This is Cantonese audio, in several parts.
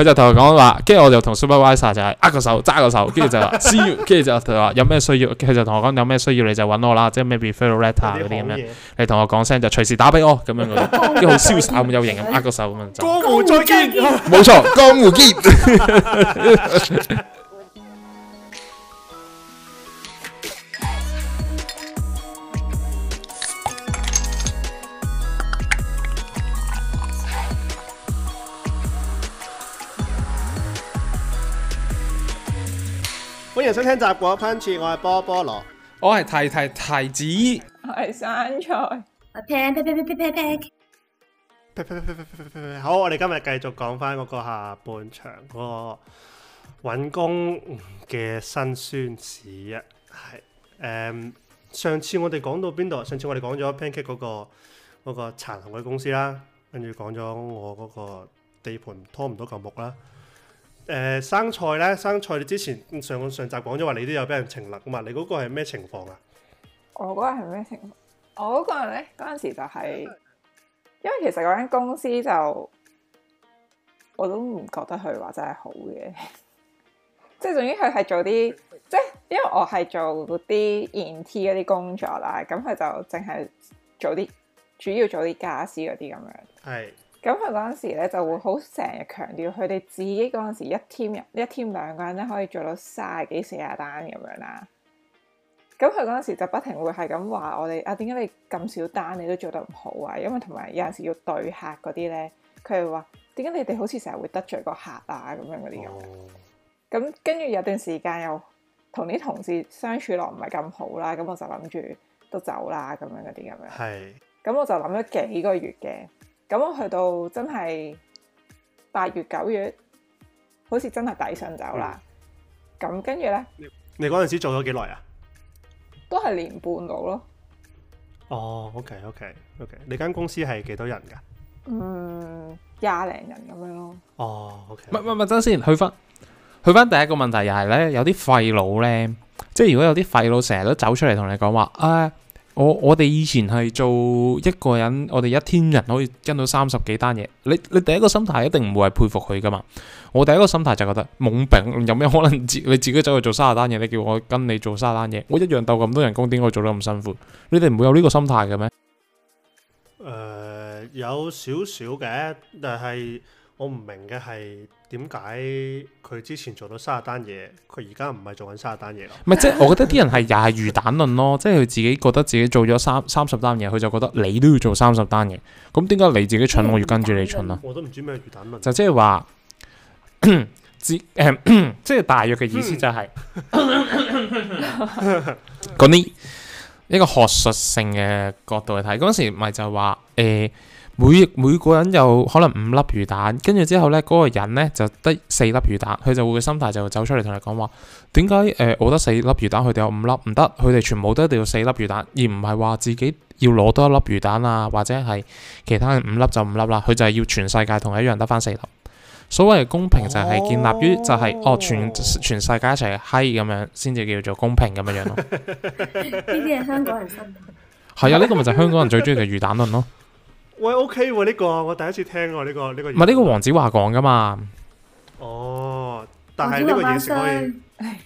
佢就同我講話，跟住我就同 supervisor 就係握個手，揸個手，跟住就話，跟住就同話有咩需要，佢就同我講有咩需要你就揾我啦，即係 maybe feel red 嗰啲咁樣，你同我講聲就隨時打俾我，咁樣嗰啲好瀟灑咁有型，咁握個手咁樣江湖再見，冇 錯，江湖見。 歡迎收聽雜果 Punchy，我係波波蘿，我係提提提子，我係生菜，我 pan p a 好，我哋今日繼續講翻嗰個下半場嗰個搵工嘅辛酸史啊，係誒，上次我哋講到邊度？上次我哋講咗 pancake 嗰個嗰個殘酷嘅公司啦，跟住講咗我嗰個地盤拖唔到嚿木啦。誒生菜咧，生菜你之前上上集講咗話你都有俾人停立啊嘛，你嗰個係咩情況啊？我嗰個係咩情況？我嗰個咧嗰陣時就係、是，因為其實嗰間公司就我都唔覺得佢話真係好嘅， 即係總之佢係做啲，即係因為我係做嗰啲 n t 嗰啲工作啦，咁佢就淨係做啲主要做啲家私嗰啲咁樣。係。咁佢嗰陣時咧就會好成日強調，佢哋自己嗰陣時一 team 人一 team 兩個人咧可以做到三十幾四十單咁樣啦。咁佢嗰陣時就不停會係咁話我哋啊，點解你咁少單你都做得唔好啊？因為同埋有陣時要對客嗰啲咧，佢哋話點解你哋好似成日會得罪個客啊咁樣嗰啲咁嘅。咁跟住有段時間又同啲同事相處落唔係咁好啦，咁我就諗住都走啦咁樣嗰啲咁樣。係是。咁我就諗咗幾個月嘅。咁我去到真係八月九月，好似真係抵上走啦。咁跟住咧，你嗰陣時做咗幾耐啊？都係年半到咯。哦，OK OK OK，你間公司係幾多、嗯、多人噶？嗯，廿零人咁樣咯。哦，OK，唔唔唔，真先去翻去翻第一個問題，就是，又係咧有啲廢佬咧，即係如果有啲廢佬成日都走出嚟同你講話誒。啊我我哋以前係做一個人，我哋一天人可以跟到三十幾單嘢。你你第一個心態一定唔會係佩服佢㗎嘛？我第一個心態就係覺得懵病，有咩可能自你自己走去做三十單嘢，你叫我跟你做三十單嘢，我一樣鬥咁多人工，點解做得咁辛苦？你哋唔會有呢個心態嘅咩？誒、呃，有少少嘅，但係。我唔明嘅係點解佢之前做到三十單嘢，佢而家唔係做緊三十單嘢咯？唔係即係我覺得啲人係又係魚蛋論咯， 即係佢自己覺得自己做咗三三十單嘢，佢就覺得你都要做三十單嘢。咁點解你自己蠢，我要跟住你蠢啊？嗯嗯、我都唔知咩魚蛋論、啊，就即係話，即誒，即係大約嘅意思就係嗰啲一個學術性嘅角度嚟睇，嗰陣時咪就係話誒。呃.每每個人有可能五粒魚蛋，跟住之後呢嗰、那個人呢就得四粒魚蛋，佢就會個心態就走出嚟同你講話：點解誒我得四粒魚蛋，佢哋有五粒唔得，佢哋全部都一定要四粒魚蛋，而唔係話自己要攞多一粒魚蛋啊，或者係其他人五粒就五粒啦，佢就係要全世界同佢一樣得返四粒。所謂公平就係建立於就係、是、哦，哦全全世界一齊嗨咁樣，先至叫做公平咁樣樣咯。呢啲係香港人差，係啊，呢個咪就係香港人最中意嘅魚蛋論咯。.喂，OK 喎、這、呢個，我第一次聽過呢個呢個。唔係呢個黃子華講噶嘛？哦，但係呢個嘢可以。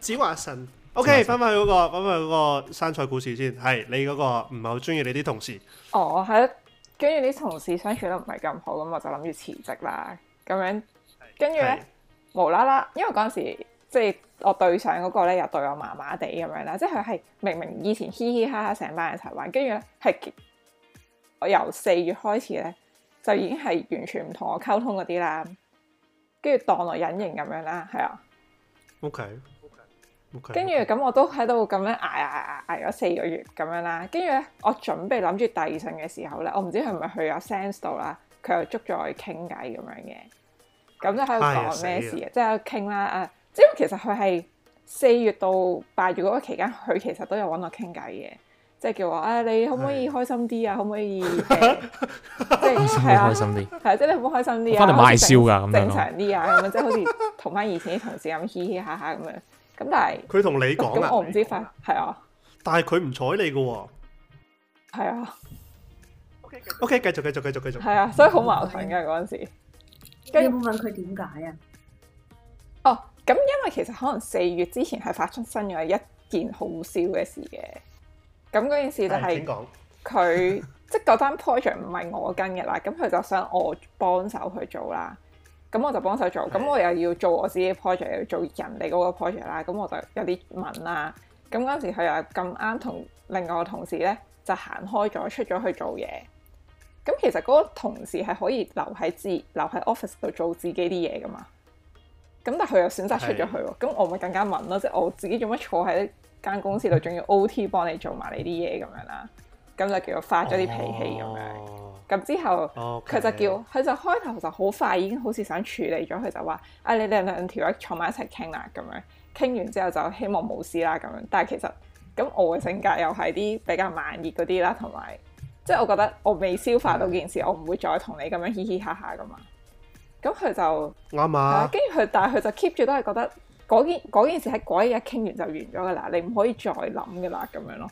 子 華神，OK，翻翻去嗰個，翻翻去嗰個山菜故事先。係你嗰、嗰個唔係好中意你啲同事。哦，係跟住啲同事相處得唔係咁好，咁我就諗住辭職啦。咁樣，跟住咧無啦啦，因為嗰陣時即係我對上嗰個咧又對我麻麻地咁樣啦，即係佢係明明以前嘻嘻哈哈成班人一齊玩，跟住咧係。我由四月開始咧，就已經係完全唔同我溝通嗰啲啦，跟住當我隱形咁樣啦，係啊。OK，OK，OK。跟住咁，我都喺度咁樣挨挨挨挨咗四個月咁樣啦。跟住咧，我準備諗住第二信嘅時候咧，我唔知係咪去阿 Sense 度啦，佢又捉咗我傾偈咁樣嘅。咁就喺度講咩事、哎、啊？即係喺度傾啦啊！即係其實佢係四月到八月嗰個期間，佢其實都有揾我傾偈嘅。即係叫話啊！你可唔可以開心啲啊？可唔可以即係係開心啲係啊！即係你可唔可開心啲啊？翻嚟賣笑噶，咁正常啲啊，咁樣即係好似同翻以前啲同事咁嘻嘻哈哈咁樣。咁但係佢同你講我唔知發係啊。但係佢唔睬你嘅喎。係啊。O K 繼續、繼續、繼續、繼續。係啊，所以好矛盾嘅嗰陣時。你有冇問佢點解啊？哦，咁因為其實可能四月之前係發出新嘅一件好笑嘅事嘅。咁嗰件事就係，佢 即係嗰單 project 唔係我跟嘅啦，咁佢 就想我幫手去做啦，咁我就幫手做，咁的我又要做我自己嘅 project，又要做人哋嗰個 project 啦，咁我就有啲悶啦。咁嗰陣時佢又咁啱同另外個同事咧就行開咗出咗去做嘢，咁其實嗰個同事係可以留喺自己留喺 office 度做自己啲嘢噶嘛。咁但係佢又選擇出咗去喎，咁的我咪更加悶咯，即係我自己做乜坐喺？間公司度仲要 OT 幫你做埋你啲嘢咁樣啦，咁就叫做發咗啲脾氣咁、oh. 樣。咁之後佢 Okay. 就叫，佢就開頭就好快已經好似想處理咗，佢就話：啊，你哋兩條友坐埋一齊傾啦咁樣。傾完之後就希望冇事啦咁樣。但係其實咁我嘅性格又係啲比較慢熱嗰啲啦，同埋即係我覺得我未消化到件事，Yeah. 我唔會再同你咁樣嘻嘻哈哈咁嘛。咁佢就啱啊。跟住佢，但係佢就 keep 住都係覺得。嗰件件事係嗰一日傾完就完咗噶啦，你唔可以再諗噶啦，咁樣咯。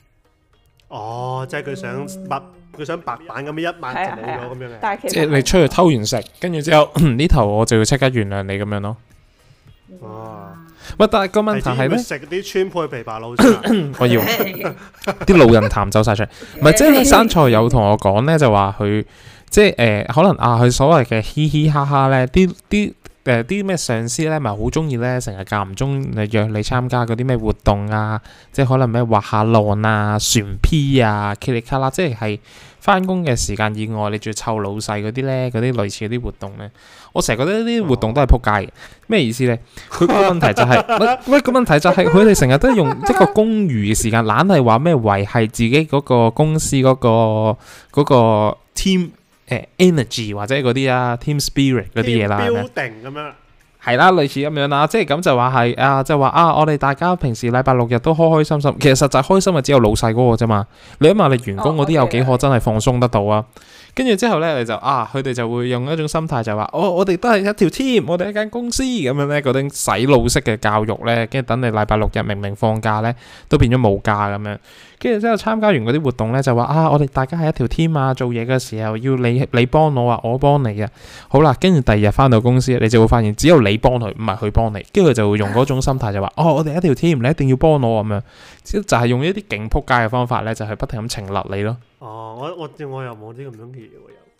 哦，即係佢想白佢、嗯、想白板咁樣一晚就冇咗咁樣。但係其實即係你出去偷完食，跟住之後呢 頭我就要即刻原諒你咁樣咯。哇！乜但係個問題係咩？食啲川配琵琶佬， 我以為啲 老人彈走晒出嚟。唔係 即係生菜有同我講咧，就話佢即係誒，可能啊，佢所謂嘅嘻、嘻嘻哈哈咧，啲啲。誒啲咩上司咧，咪好中意咧，成日間唔中約你參加嗰啲咩活動啊？即係可能咩滑下浪啊、船 P 啊、噼里卡啦，即係翻工嘅時間以外，你仲要湊老細嗰啲咧，嗰啲類似嗰啲活動咧。我成日覺得呢啲活動都係撲街嘅。咩意思咧？佢個 問題就係、是，喂， 個問題就係、是，佢哋成日都用一個公餘嘅時間，懶係話咩維係自己嗰個公司嗰、那個嗰、那個 team。energy 或者嗰啲啊，team spirit 嗰啲嘢啦，咁係啦，類似咁樣啦，即係咁就話係啊，即係話啊，我哋大家平時禮拜六日都開開心心，其實實際開心啊只有老細嗰個啫嘛，你諗下你員工嗰啲有幾可真係放鬆得到啊？跟住之後咧，你就啊，佢哋就會用一種心態就話，哦，我哋都係一條 team，我哋一間公司咁樣咧，嗰種洗腦式嘅教育咧，跟住等你禮拜六日明明放假咧，都變咗冇假咁樣。跟住之後參加完嗰啲活動咧，就話啊，我哋大家係一條 team 啊，做嘢嘅時候要你你幫我啊，我幫你啊。好啦，跟住第二日翻到公司，你就會發現只有你幫佢，唔係佢幫你。跟住佢就會用嗰種心態就話，哦、啊，我哋一條 team，你一定要幫我咁樣，就係用一啲勁撲街嘅方法咧，就係不停咁懲罰你咯。哦、啊，我我我，我又冇啲咁樣嘅嘢，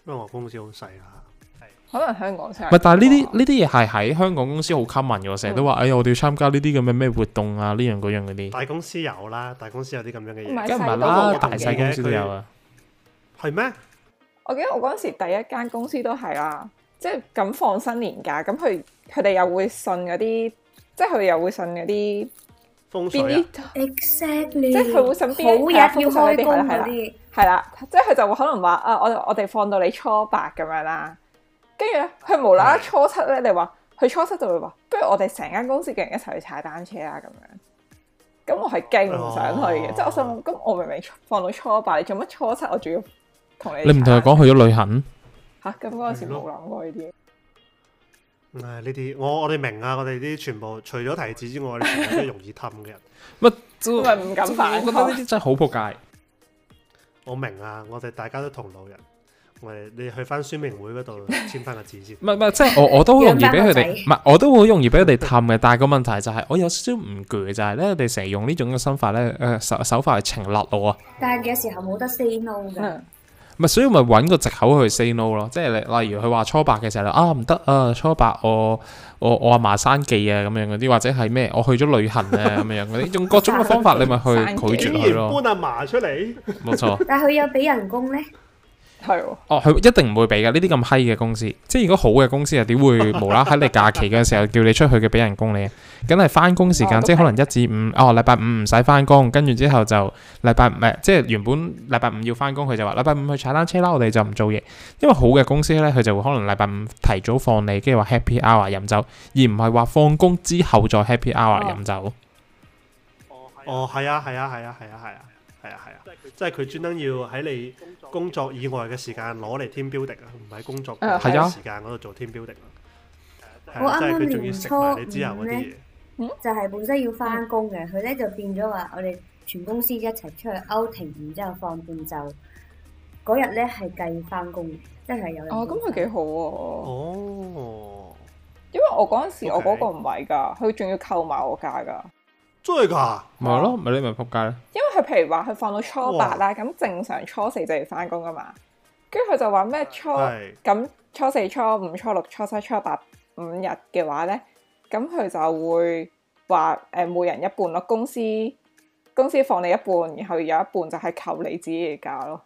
因為我公司好細啊。可能香港先，唔係，但係呢啲呢啲嘢係喺香港公司好 common 嘅。我成日都話：哎呀，我哋要參加呢啲咁嘅咩活動啊，呢樣嗰樣嗰啲。大公司有啦，大公司有啲咁樣嘅嘢。唔係，而家唔係啦，大細公司都有啊。係咩？我記得我嗰陣時第一間公司都係啦，即係咁放新年假，咁佢佢哋又會信嗰啲，即係佢又會信嗰啲。風水。Exactly。即係佢會信邊啲？好日要開工嗰啲。係啦，係啦，係啦，即係佢就會可能話：啊，我我哋放到你初八咁樣啦。跟住咧，佢無啦啦初七咧，你話佢初七就會話，不如我哋成間公司嘅人一齊去踩單車啊咁樣。咁我係勁唔想去嘅，即係我想咁我明明放到初八，你做乜初七我仲要同你？你唔同佢講去咗旅行吓？咁嗰陣時冇諗過呢啲。唉呢啲，我我哋明啊，我哋啲全部除咗提子之外，你全部都容易氹嘅人。乜做咪唔敢扮？我覺得呢啲真係好撲街。我明啊，我哋大家都同路人。你去翻宣明會嗰度簽翻個字先。唔係唔係，即係我我都好容易俾佢哋，唔係 生我都好容易俾佢哋氹嘅。但係個問題就係我有少少唔攰，就係咧，佢哋成日用呢種嘅心法咧，誒，手手法去情勒我啊。但係有時候冇得 say no 嘅。咪、嗯，所以咪揾個借口去 say no 咯，即係例如佢話初八嘅時候啊唔得啊初八我我我阿嫲生忌啊咁樣嗰啲，或者係咩我去咗旅行啊咁樣嗰啲， 用各種嘅方法你咪去拒絕佢咯。搬阿嫲出嚟，冇 錯錯。但係佢有俾人工咧。哦，佢一定唔會俾㗎，呢啲咁閪嘅公司。即係如果好嘅公司又點會無啦喺你假期嘅時候叫你出去嘅俾人工你？梗係翻工時間，啊、即係可能一至五、啊、五、哦，禮拜五唔使翻工，跟住之後就禮拜唔係即係原本禮拜五要翻工，佢就話禮拜五去踩單車啦，我哋就唔做嘢。因為好嘅公司咧，佢就會可能禮拜五提早放你，跟住話 happy hour 飲酒，而唔係話放工之後再 happy hour 飲酒、啊。哦，係啊，係、哦、啊，係啊，係啊，係啊。係啊係啊，啊，即係佢專登要喺你工作以外嘅時間攞嚟添 e a m 啊，唔係喺工作時間嗰度做添 e a m building，啊。我啱剛啱、啊、年初就係、是、本身要翻工嘅，佢咧就變咗話我哋全公司一齊出去勾停，然之後放半周。嗰日咧係計翻工，即係有人哦。哦，咁佢幾好喎！哦，因為我嗰陣時我嗰個唔係噶，佢仲要扣埋我假噶。真係噶，咪咯、啊，咪你咪仆街咯。因為佢譬如話佢放到初八啦，咁哇正常初四就要翻工噶嘛。跟住佢就話咩初咁、啊、初四、初五、初六、初七、初八五日嘅話咧，咁佢就會話誒，每人一半咯，公司公司放你一半，然後有一半就係扣你自己嘅假咯。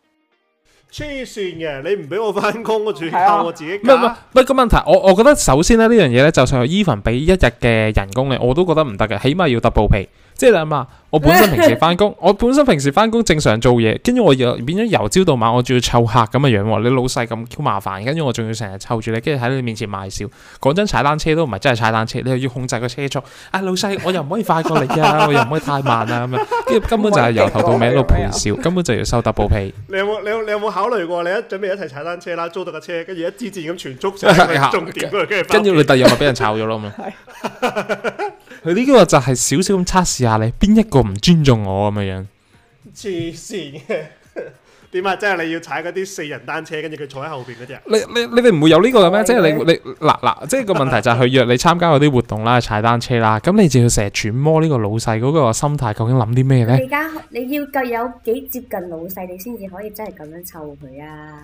黐線嘅，你唔俾我翻工、啊，我仲要靠我自己，唔係唔係，不過個問題。我我覺得首先咧呢樣嘢咧，就算係 even 俾一日嘅人工嘅，我都覺得唔得嘅，起碼要揼部皮。即係阿嘛，我本身平時翻工， 我本身平時翻工正常做嘢，跟住我又變咗由朝到晚，我仲要湊客咁嘅樣喎。你老細咁 Q 麻煩，跟住我仲要成日湊住你，跟住喺你面前賣笑。講真，踩單車都唔係真係踩單車，你又要控制個車速。阿、哎、老細，我又唔可以快過你啊， 我又唔可以太慢啊咁樣。 跟住根本就係由頭到尾喺度陪笑， 根本就要收 double pay 你有冇你有你有冇考慮過？你一準備一齊踩單車啦，租到架車，跟住一支箭咁全速，跟住下重點，跟住你第二日咪俾人炒咗咯咁啊！佢呢個就係少少咁測試下你邊一個唔尊重我咁嘅經 樣，黐線嘅，點啊？即係你要踩嗰啲四人單車，跟住佢坐喺後邊嗰隻。你你你哋唔會有呢個嘅咩的？即係你你嗱嗱，即係個問題就係去約你參加嗰啲活動啦，踩單車啦，咁 你就要成日揣摩呢個老細嗰個心態，究竟諗啲咩呢？你而家你要夠有幾接近老細，你先至可以真係咁樣湊佢啊！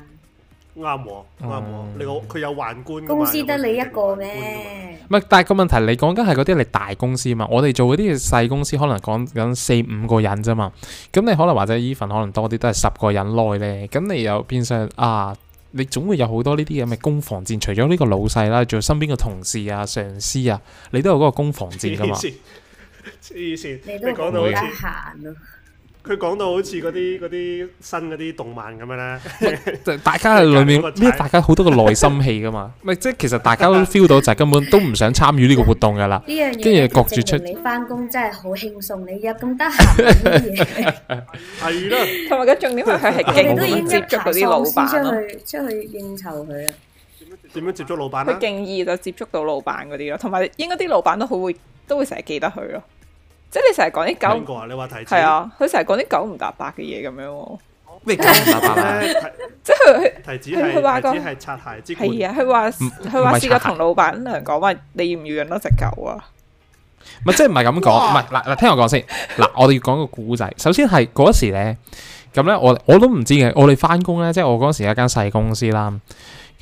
啱喎，啱你好，佢有宦官公司得你一個咩？唔係，但係個問題，你講緊係嗰啲你大公司嘛？我哋做嗰啲細公司，可能講緊四五個人啫嘛。咁你可能或者呢份可能多啲，都係十個人內咧。咁你又變相，啊？你總會有好多呢啲咁嘅攻防戰。除咗呢個老細啦，仲有身邊嘅同事啊、上司啊，你都有嗰個攻防戰噶嘛？黐線，你都講到得閒。佢講到好似嗰啲啲新嗰啲動漫咁樣咧，大家喺裏面，呢 大家好多個內心戲噶嘛。唔係即係其實大家都 feel 到就係根本都唔想參與呢個活動噶啦。呢樣嘢，證明你翻工真係好輕鬆， 你有咁得閒。係咯。同埋個重點係佢係敬接觸嗰啲老闆 出去，出去應酬佢啊。點樣接觸老闆？佢敬意就接觸到老闆嗰啲咯，同埋應該啲老闆都好會，都會成日記得佢咯。即係你成日講啲狗，係啊，佢成日講啲九唔搭八嘅嘢，咁樣喎。咩九唔搭八咧？即係提子係，提子係擦鞋之。係啊，佢話佢話試過同老闆娘講話，你要唔要養多隻狗啊？唔係即係唔係咁講，唔係嗱嗱，聽我講先嗱，我哋要講個古仔。首先係嗰時咧，咁咧我我都唔知嘅。我哋翻工咧，即係我嗰時一間細公司啦。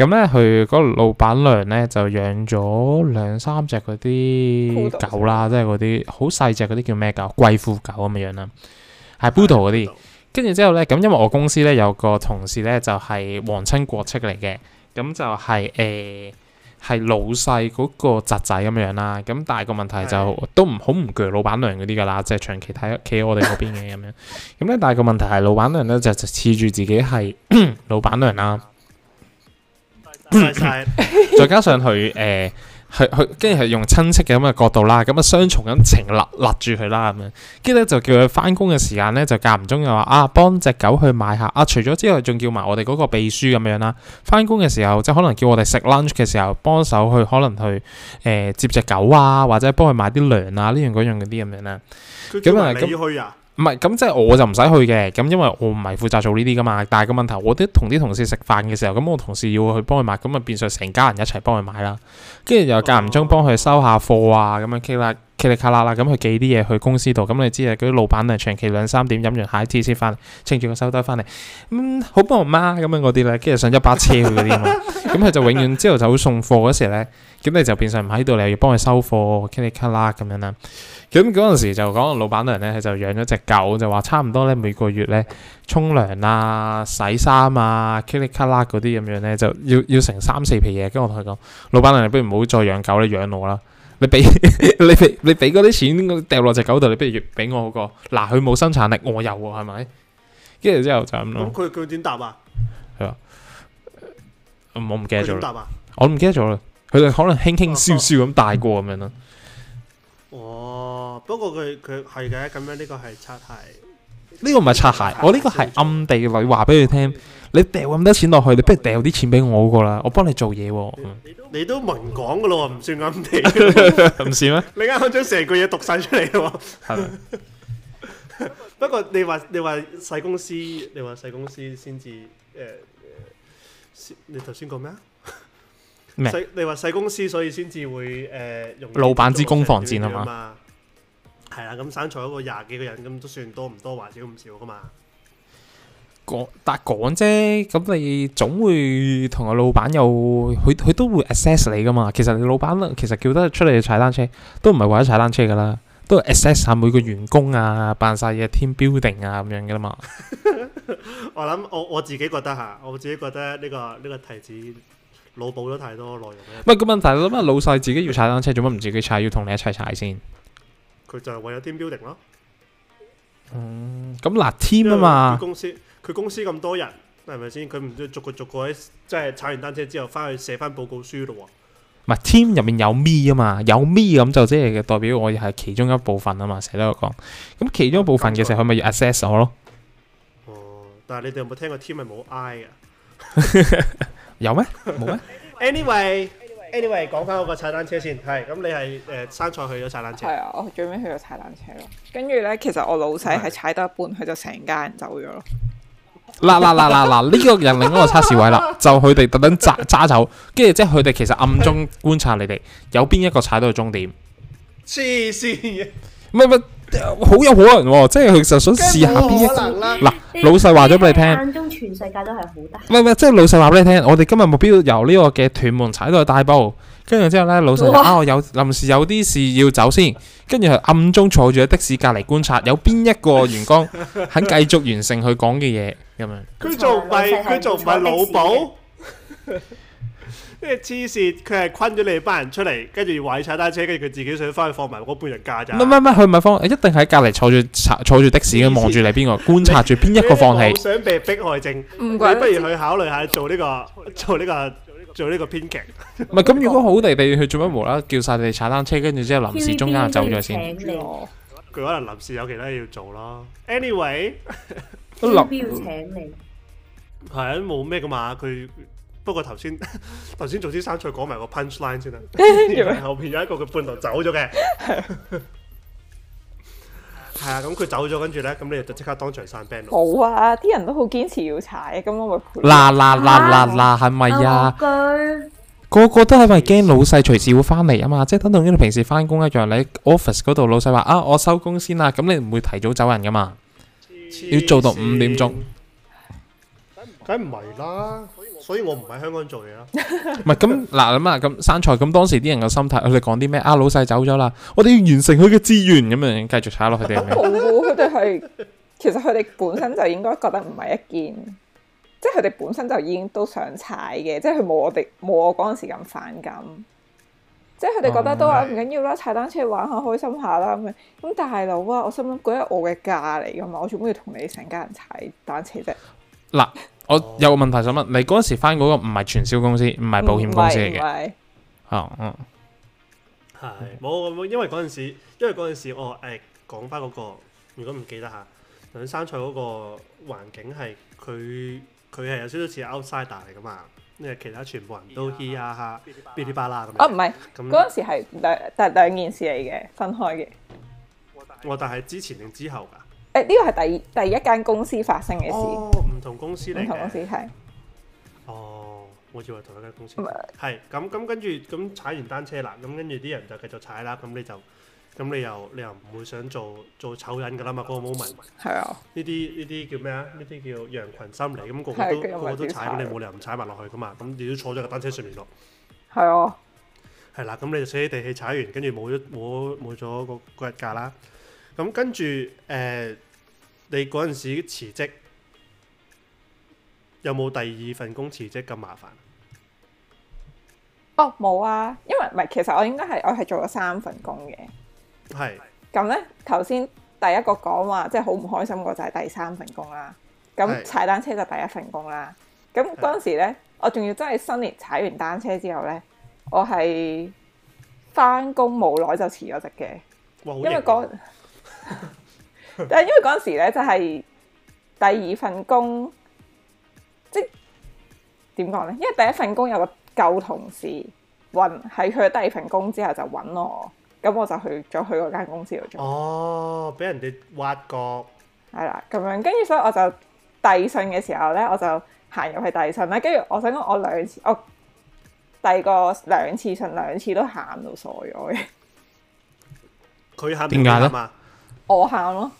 咁咧，佢嗰、嗯、個老闆娘咧就養咗兩三隻嗰啲狗啦，即係嗰啲好細隻嗰啲叫咩狗？貴婦狗咁樣樣啦，係 Budo 嗰啲。跟住之後咧，咁因為我公司咧、嗯、有個同事咧就係、是、皇親國戚嚟嘅，咁就係誒係老細嗰個侄仔咁樣啦。咁但係個問題就、嗯、都唔好唔懼老闆娘嗰啲噶啦，即係長期喺企喺我哋嗰邊嘅咁樣。咁咧哈哈、嗯嗯嗯，但係個問題係老闆娘咧就就恃住自己係老闆娘啦。 再加上佢誒，佢、呃、佢，跟住係用親戚嘅咁嘅角度啦，咁啊雙重咁情勒勒住佢啦咁樣，跟住咧就叫佢翻工嘅時間咧，就間唔中又話啊幫隻狗去買下啊，除咗之外，仲叫埋我哋嗰個秘書咁樣啦。翻工嘅時候，即係可能叫我哋食 lunch 嘅時候，幫手去可能去誒、呃、接隻狗啊，或者幫佢買啲糧啊，呢樣嗰樣嗰啲咁樣咧。佢他叫埋后你去啊？唔係咁，即係我就唔使去嘅。咁因為我唔係負責做呢啲㗎嘛。但係個問題，我都同啲同事食飯嘅時候，咁我同事要去幫佢買，咁啊變相成家人一齊幫佢買啦。跟住又間唔中幫佢收下貨啊，咁樣 K 啦 K 啦咁佢寄啲嘢去公司度。咁你知啊，嗰啲老闆啊長期兩三點飲完下一次先翻嚟，拎住個手袋翻嚟，嗯好幫我媽咁樣嗰啲咧。跟住上一巴車去嗰啲嘛。咁佢就永遠朝頭早送貨嗰時咧，咁你就變相唔喺度，你要幫佢收貨 K 卡啦咁樣啦。咁嗰陣時就講老闆娘咧，就養咗隻狗，就話差唔多咧，每個月咧沖涼啊、洗衫啊、噼里卡啦嗰啲咁樣咧，就要要成三四皮嘢。跟住我同佢講，老闆娘，不如唔好再養狗，你養我啦。你俾你俾你俾嗰啲錢掉落隻狗度，你不如俾我， 我好過。嗱、啊，佢冇生產力，我有喎、啊，係咪？跟住之後就咁咯。佢佢點答啊？係啊，我唔記得咗啦，我唔記得咗啦。佢哋可能輕輕笑笑咁帶過咁樣咯。嗯嗯不過佢佢係嘅，咁樣呢個係擦鞋。呢個唔係擦鞋，我呢個係暗地裏話俾佢聽，你掉咁多錢落去，你不如掉啲錢俾我個啦，我幫你做嘢。你都明講噶啦，唔算暗地，唔算咩？你啱啱將成句嘢讀晒出嚟咯。係咪？不過你話你話細公司，你話細公司先至誒，你頭先講咩啊？咩？你話細公司所以先至會誒，老闆之攻防戰係嘛？係啊，咁生坐一個廿幾個人，咁都算多唔多，或少唔少噶嘛？講，但係講啫，咁你總會同個老闆有，佢佢都會 assess 你噶嘛？其實你老闆啦，其實叫得出嚟踩單車，都唔係為咗踩單車噶啦，都 assess 下每個員工啊，扮晒嘢，team building 啊咁樣嘅啦嘛。 我諗，我我自己覺得吓，我自己覺得呢、這個呢、這個提旨腦補咗太多內容啦。唔係個問題，你諗下老細自己要踩單車，做乜唔自己踩，要同你一齊踩先？佢就係為咗 team building 咯。嗯，咁嗱 team 啊嘛，公司佢公司咁多人，係咪先？佢唔知逐個逐個喺即係踩完單車之後，翻去寫翻報告書咯。唔係 team 入面有 me 啊嘛，有 me 咁就即係代表我係其中一部分啊嘛，成日都講。咁其中一部分嘅時候，佢咪要 assess 我咯。哦，但係你哋有冇聽過 team 係冇 I 噶？有咩？冇咩？Anyway。anyway，講翻我個踩單車先，係咁你係誒、呃、生菜去咗踩單車，係啊，我最尾去咗踩單車咯。跟住咧，其實我老細係踩得一半，佢的就成家人走咗咯。嗱嗱嗱嗱嗱，呢 個人另一個測試位啦，就佢哋特登揸揸走，跟住即係佢哋其實暗中觀察你哋 有邊一個踩到去終點，黐線嘅。唔係唔係，好有可能喎，即係佢就想試下邊一個嗱，老細話咗俾你聽，眼中全世界都係好得。唔係唔係，即係老細話俾你聽，我哋今日目標由呢個嘅屯門踩到大埔，跟住之後咧，老細啊，我有臨時有啲事要走先，跟住係暗中坐住喺的士隔籬觀察，有邊一個員工肯繼續完成佢講嘅嘢咁樣。佢做唔係佢做唔係老保？即係黐線，佢係昆咗你哋班人出嚟，跟住要位踩單車，跟住佢自己想翻去放埋嗰半日假咋。唔係唔係，佢唔係放，一定喺隔離坐住踩坐住的士，咁望住你邊個，觀察住邊一個放棄。想被迫害症，唔怪，不如去考慮下做呢個做呢個做呢個編劇。唔係咁，如果好地地去做乜無啦，叫晒你踩單車，跟住之後臨時中間走咗先。佢可能臨時有其他嘢要做咯。Anyway，臨邊要請你。係啊，冇咩噶嘛，佢。不過頭先頭先做啲生菜講埋個 punchline 先啦，後邊有一個佢半途走咗嘅。係啊，咁佢走咗，跟住咧，咁你就即刻當場散 band。冇啊，啲人都好堅持要踩，咁我咪陪。嗱嗱嗱嗱嗱，係咪啊？個個都係咪驚老細隨時會翻嚟啊嘛？即係等同於你平時翻工一樣，你 office 嗰度老細話啊，我收工先啦，咁你唔會提早走人噶嘛？要做到五點鐘，梗唔係啦。所以我唔喺香港做嘢啦。唔係咁嗱，諗啊咁生菜。咁當時啲人嘅心態，佢哋講啲咩？啊老細走咗啦，我哋要完成佢嘅志願。」咁樣繼續踩落去。唔佢哋係其實佢哋本身就應該覺得唔係一件，即係佢哋本身就已經都想踩嘅，即係佢冇我哋冇我嗰陣時咁反感。即係佢哋覺得、嗯、都話唔緊要啦，踩單車玩下開心下啦咁樣。咁大佬啊，我心諗嗰日我嘅假嚟噶嘛，我做咩要同你成家人踩單車啫？嗱。 我有個問題想問，你嗰陣時返嗰個唔係傳銷公司，唔係保險公司嚟嘅，嚇嗯，係冇冇，因為嗰陣時，因為嗰陣時我誒講返嗰個，如果唔記得嚇，同生菜嗰個環境係佢佢係有少少似 outsider 嚟噶嘛，因為其他全部人都嘻啊嚇，噼里啪啦咁樣。哦，唔係，嗰陣時係兩但係兩件事嚟嘅，分開嘅。我但係之前定之後噶？誒，呢個係第第一間公司發生嘅事。哦，唔同公司嚟。唔同公司係。哦，我以為同一間公司。係，咁咁跟住咁踩完單車啦，咁跟住啲人就繼續踩啦，咁你就，咁你又你又唔會想做做醜人噶啦嘛？嗰個 moment 係啊。呢啲呢啲叫咩啊？呢啲叫羊群心理，咁個個都個個都踩，咁你冇理由唔踩埋落去噶嘛？咁你都坐咗個單車上面落。係啊。係啦，咁你就死死地氣踩完，跟住冇咗冇冇咗個骨架啦。咁、嗯、跟住誒、呃，你嗰陣時辭職有冇第二份工辭職咁麻煩？哦，冇啊，因為唔係，其實我應該係我係做咗三份工嘅。係是。咁咧，頭先第一個講話即係好唔開心嗰就係第三份工啦。咁踩是單車就第一份工啦。咁嗰陣時咧，是我仲要真係新年踩完單車之後咧，我係返工冇耐就辭咗職嘅，因為嗰、那個。 但係因為嗰時咧就係、是、第二份工，即係點講咧？因為第一份工有個舊同事揾喺佢第二份工之後就揾我，咁我就去咗佢嗰間公司度做。哦，俾人哋挖角係啦，咁 樣跟住所以我就遞信嘅時候咧，我就行入去遞信啦。跟住我想講我兩次，我遞過兩次信，兩次都行到傻咗嘅，佢行點解咧？ 我喊咯，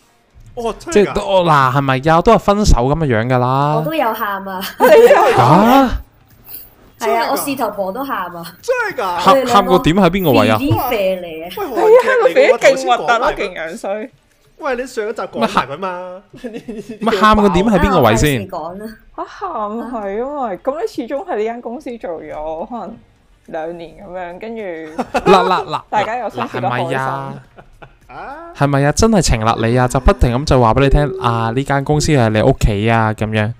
即係我嗱係咪呀？又都係分手咁嘅樣噶啦。我都有喊啊，真係噶，係啊，我試頭婆都喊啊，真係噶，喊喊個點喺邊個位啊？喂，我喊個鼻勁核突啦，勁樣衰。喂，你上一集咪喊緊嘛？咪喊個點喺邊個位先？吓喊係因為咁，你始終喺呢間公司做咗可能兩年咁樣，跟住嗱嗱嗱，大家又相處得開心。係咪呀？真係情勒你呀，就不停咁就話俾你聽啊！呢間公司係你屋企啊，咁樣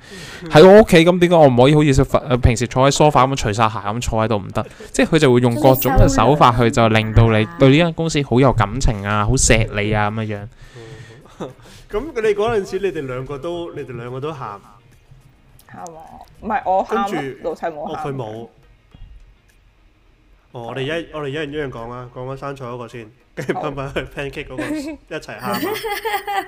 喺我屋企，咁點解我唔可以好似食飯？平時坐喺梳化咁除晒鞋咁坐喺度唔得？即係佢就會用各種嘅手法去就令到你對呢間公司好有感情啊，好錫你啊咁樣樣。咁你嗰陣時，你哋兩個都，你哋兩個都喊喊啊？唔係我喊住，老細冇喊，佢冇。哦、oh, 嗯，我哋一我哋一人一樣講啦，講翻生菜嗰個先，跟住返返去 pancake 嗰個一齊喊，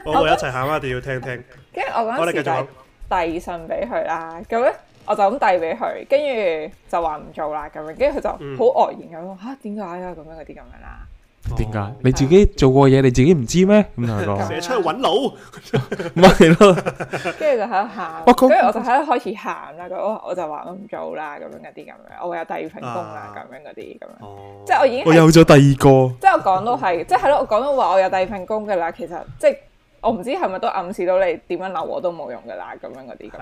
我會一齊喊啊，一定要聽聽。跟住 我嗰陣時遞 遞信俾佢啦，咁咧我就咁遞俾佢，跟住就話唔做啦咁樣，跟住佢就好愕然咁話吓點解啊咁、啊、樣嗰啲咁樣啦。點解你自己做過嘢你自己唔知咩？咁就講，成日出去搵佬，唔係咯。跟住就喺度喊，跟住我就喺度開始喊啦。我我就話我唔做啦，咁樣嗰啲咁樣，我會有第二份工啦，咁樣嗰啲咁樣。即係我已經，我有咗第二個。即係我講到係，即係咯。我講到話我有第二份工噶啦。其實即係我唔知係咪都暗示到你點樣留我都冇用噶啦。咁樣嗰啲咁樣，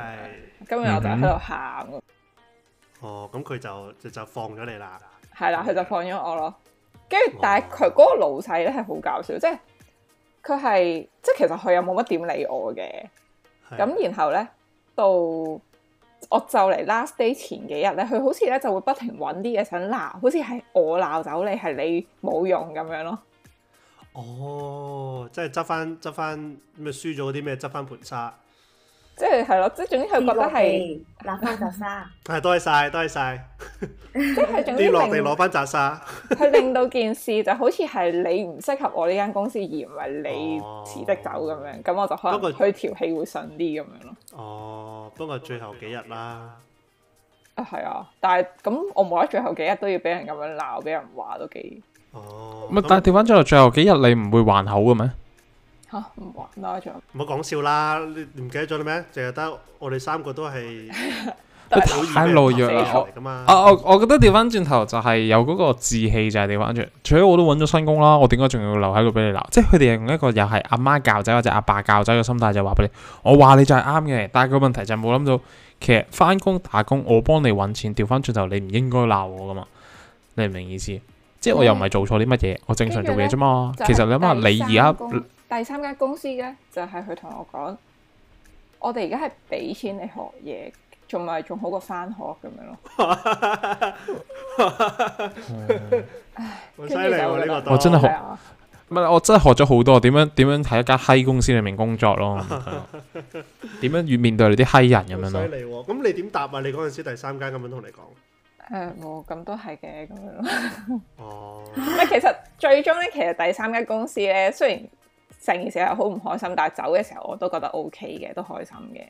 跟住我就喺度喊。哦，咁佢就就放咗你啦。係啦，佢就放咗我咯。跟住，但係佢嗰個老細咧係好搞笑，即係佢係即係其實佢又冇乜點理我嘅。咁的然後咧到我就嚟 last day 前幾日咧，佢好似咧就會不停揾啲嘢想鬧，好似係我鬧走你，係你冇用咁樣咯。哦，即係執翻執翻咩？輸咗啲咩？執翻盤沙。即係係咯，即係總之佢覺得係攞翻紮沙。係多謝晒，多謝晒。即係總之落地攞翻紮沙，佢 令到件事就好似係你唔適合我呢間公司，而唔係你辭職走咁樣。咁、哦、我就可能佢條氣會順啲咁樣咯。哦，不過最後幾日啦。啊，係啊，但係咁我冇得最後幾日都要俾人咁樣鬧，俾人話都幾。哦。咪但係調翻轉嚟，最後幾日你唔會還口嘅咩？唔、啊、玩唔好講笑啦！你唔記得咗啦咩？淨係得我哋三個都係 都好軟弱嚟噶嘛。啊、我我覺得調翻轉頭就係有嗰個志氣，就係調翻轉。除咗我都揾咗新工啦，我點解仲要留喺度俾你鬧？即係佢哋用一個又係阿媽教仔或者阿爸，爸教仔嘅心態就話俾你：我話你就係啱嘅，但係個問題就冇諗到，其實翻工打工我幫你揾錢，調翻轉頭你唔應該鬧我噶嘛？你明唔明意思？即係我又唔係做錯啲乜嘢，嗯、我正常做嘢咋嘛？其實你諗下你而家三。第三間公司咧，就係佢同我講：我哋而家係俾錢你學嘢，仲埋仲好過返學咁樣咯。好犀利喎！呢個、啊、 我真係學，唔係 我真係學咗好多點樣點樣喺一間閪公司裏面工作咯。點 樣要面對你啲閪人咁、啊、樣咯。犀利咁你點答啊？你嗰陣時第三間咁樣同你講誒，冇、 啊，咁都係嘅咁樣。哦，唔係其實最終咧，其實第三間公司咧，雖然，成件事係好唔開心，但係走嘅時候我都覺得 OK 嘅，都開心嘅，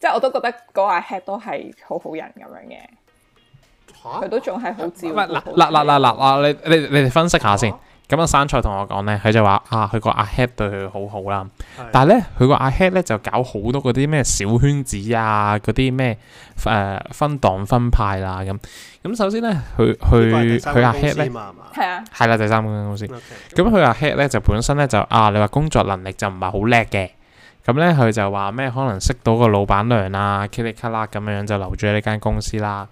即係我都覺得嗰個 head 都係好好人咁樣嘅，佢都仲係好照顧。唔嗱嗱嗱嗱嗱，你你你哋分析下先。啊咁阿生菜同我講咧，佢就話啊，佢個阿 head 對佢好好啦。的但係咧，佢個阿 head 咧就搞好多嗰啲咩小圈子啊，嗰啲咩誒分黨分派啦、啊、咁。咁首先咧，佢佢佢阿 head 咧，係啊，係啦的，第三間公司。咁佢阿 head 咧就本身咧就啊，你話工作能力就唔係好叻嘅。咁咧佢就話咩可能識到個老闆娘啊 Kilikala 咁樣就留住喺呢間公司啦。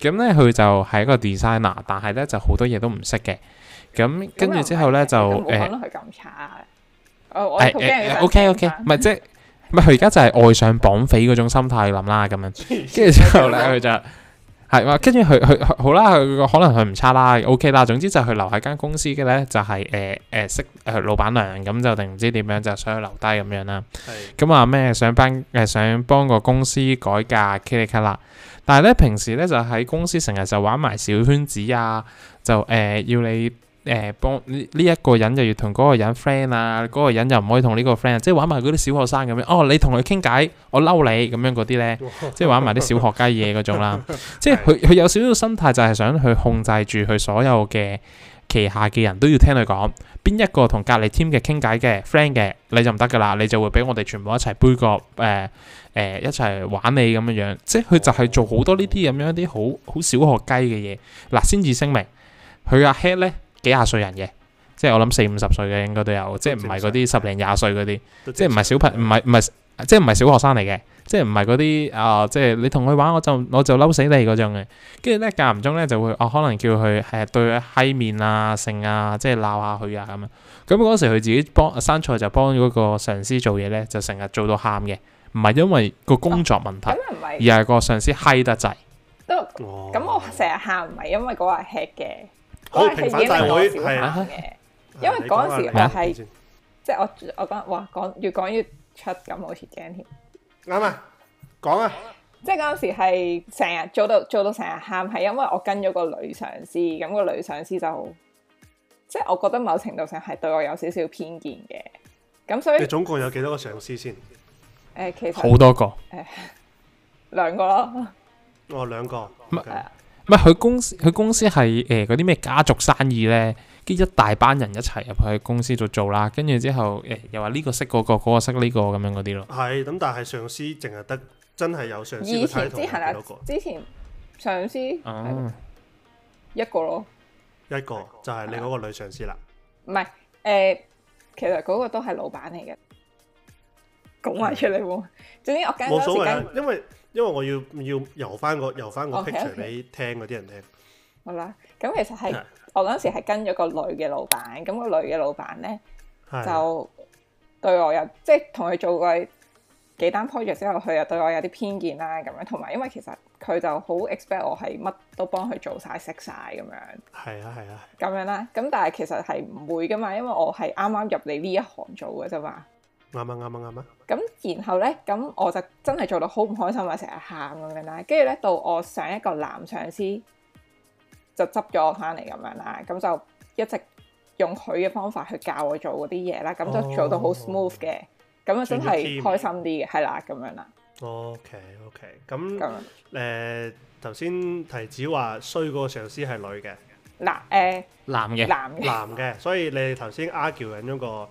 咁咧佢就係一個 designer，但係咧就好多嘢都唔識嘅。咁跟住之後咧就誒，可能係咁差 OK，OK，唔係即係唔係佢而家就係愛上綁匪嗰種心態諗啦，咁樣。跟住之後咧，佢就係嘛，跟住佢佢好啦，佢可能佢唔差啦，O K 啦。總之就佢留喺間公司嘅咧，就係誒誒識誒、呃、老闆娘咁，就定唔知點樣就想去留低咁樣啦。咁啊咩上班誒想幫個公司改革 K D 啦，但係咧平時咧就喺公司成日就玩埋小圈子啊，就誒、呃、要你。誒幫呢一個人就要同嗰個人 friend 啊，嗰個人又唔可以同呢個 friend，即係玩埋嗰啲小學生咁樣哦。你同佢傾偈，我嬲你咁樣嗰啲咧，即係玩埋啲小學雞嘢嗰種啦。即係佢佢有少少心態，就係想去控制住佢所有嘅旗下嘅人都要聽佢講邊一個同隔離 team 嘅傾偈嘅 friend 嘅你就唔得噶啦，你就會俾我哋全部一齊杯葛誒誒一齊玩你咁樣樣。即係佢就係做好多呢啲咁樣啲好好小學雞嘅嘢嗱，先至聲明佢阿 head 咧。幾廿歲人嘅，即係我諗四五十歲嘅應該都有，都即係唔係嗰啲十零廿歲嗰啲，即係唔係小朋，唔係唔係，即係唔係小學生嚟嘅，即係唔係嗰啲啊！即係你同佢玩我，我就我就嬲死你嗰種嘅。跟住咧，間唔中咧就會哦、呃，可能叫佢係、呃、對佢嗨面啊、性啊，即係鬧下佢啊咁樣。咁、嗯、嗰時佢自己幫生菜就幫嗰個上司做嘢咧，就成日做到喊嘅，唔係因為個工作問題，哦、而係個、哦、個上司嗨得滯。哦，咁我成日喊唔係因為嗰個 h 嘅。嗰個戲已經因為嗰陣時我係即係我我覺得哇，講越講越出咁，好似驚添。啱啊，講啊！即係嗰陣時係成日做到做到成日喊，係因為我跟咗個女上司，咁、那個女上司就即係、就是、我覺得某程度上係對我有少少偏見嘅。咁所以你總共有幾多個上司先？誒、呃，其實好多個。誒、呃，兩個咯。哦，兩個。係、okay. uh, 唔係佢公司，佢公司係誒嗰啲咩家族生意咧，跟一大班人一齊入去公司度做啦，跟住之後誒、欸、又話呢個識嗰個，嗰個識呢個咁樣嗰啲咯。係咁，但係上司淨係得真係有上司以前之前、啊、之前上司一個咯，啊、一個就係你嗰個女上司啦。唔係誒，其實嗰個都係老闆嚟嘅，講埋出嚟。總之我間都、啊、因為。因為我要要遊翻個遊翻個 picture 俾聽嗰啲人聽。好啦，咁其實係我嗰陣時係跟咗個女嘅老闆，咁個女嘅老闆咧就對我有即係同佢做過幾單 project 之後，佢又對我有啲偏見啦咁樣。同埋因為其實佢就好 expect 我係乜都幫佢做曬識晒。咁樣。係啊，係啊。咁樣啦，咁但係其實係唔會噶嘛，因為我係啱啱入嚟呢一行做嘅啫嘛。啱啊！啱啊！啱啊！咁，然後咧，咁我就真係做到好唔開心啊！成日喊咁樣啦，跟住咧到我上一個男上司就執咗我翻嚟咁樣啦，咁就一直用佢嘅方法去教我做嗰啲嘢啦，咁就做到好 smooth 嘅，咁啊真係開心啲嘅，係啦，咁樣啦。OK，OK，咁誒頭先提子話衰個上司係女嘅，嗱誒男嘅，男男嘅，所以你頭先 argue 咗個。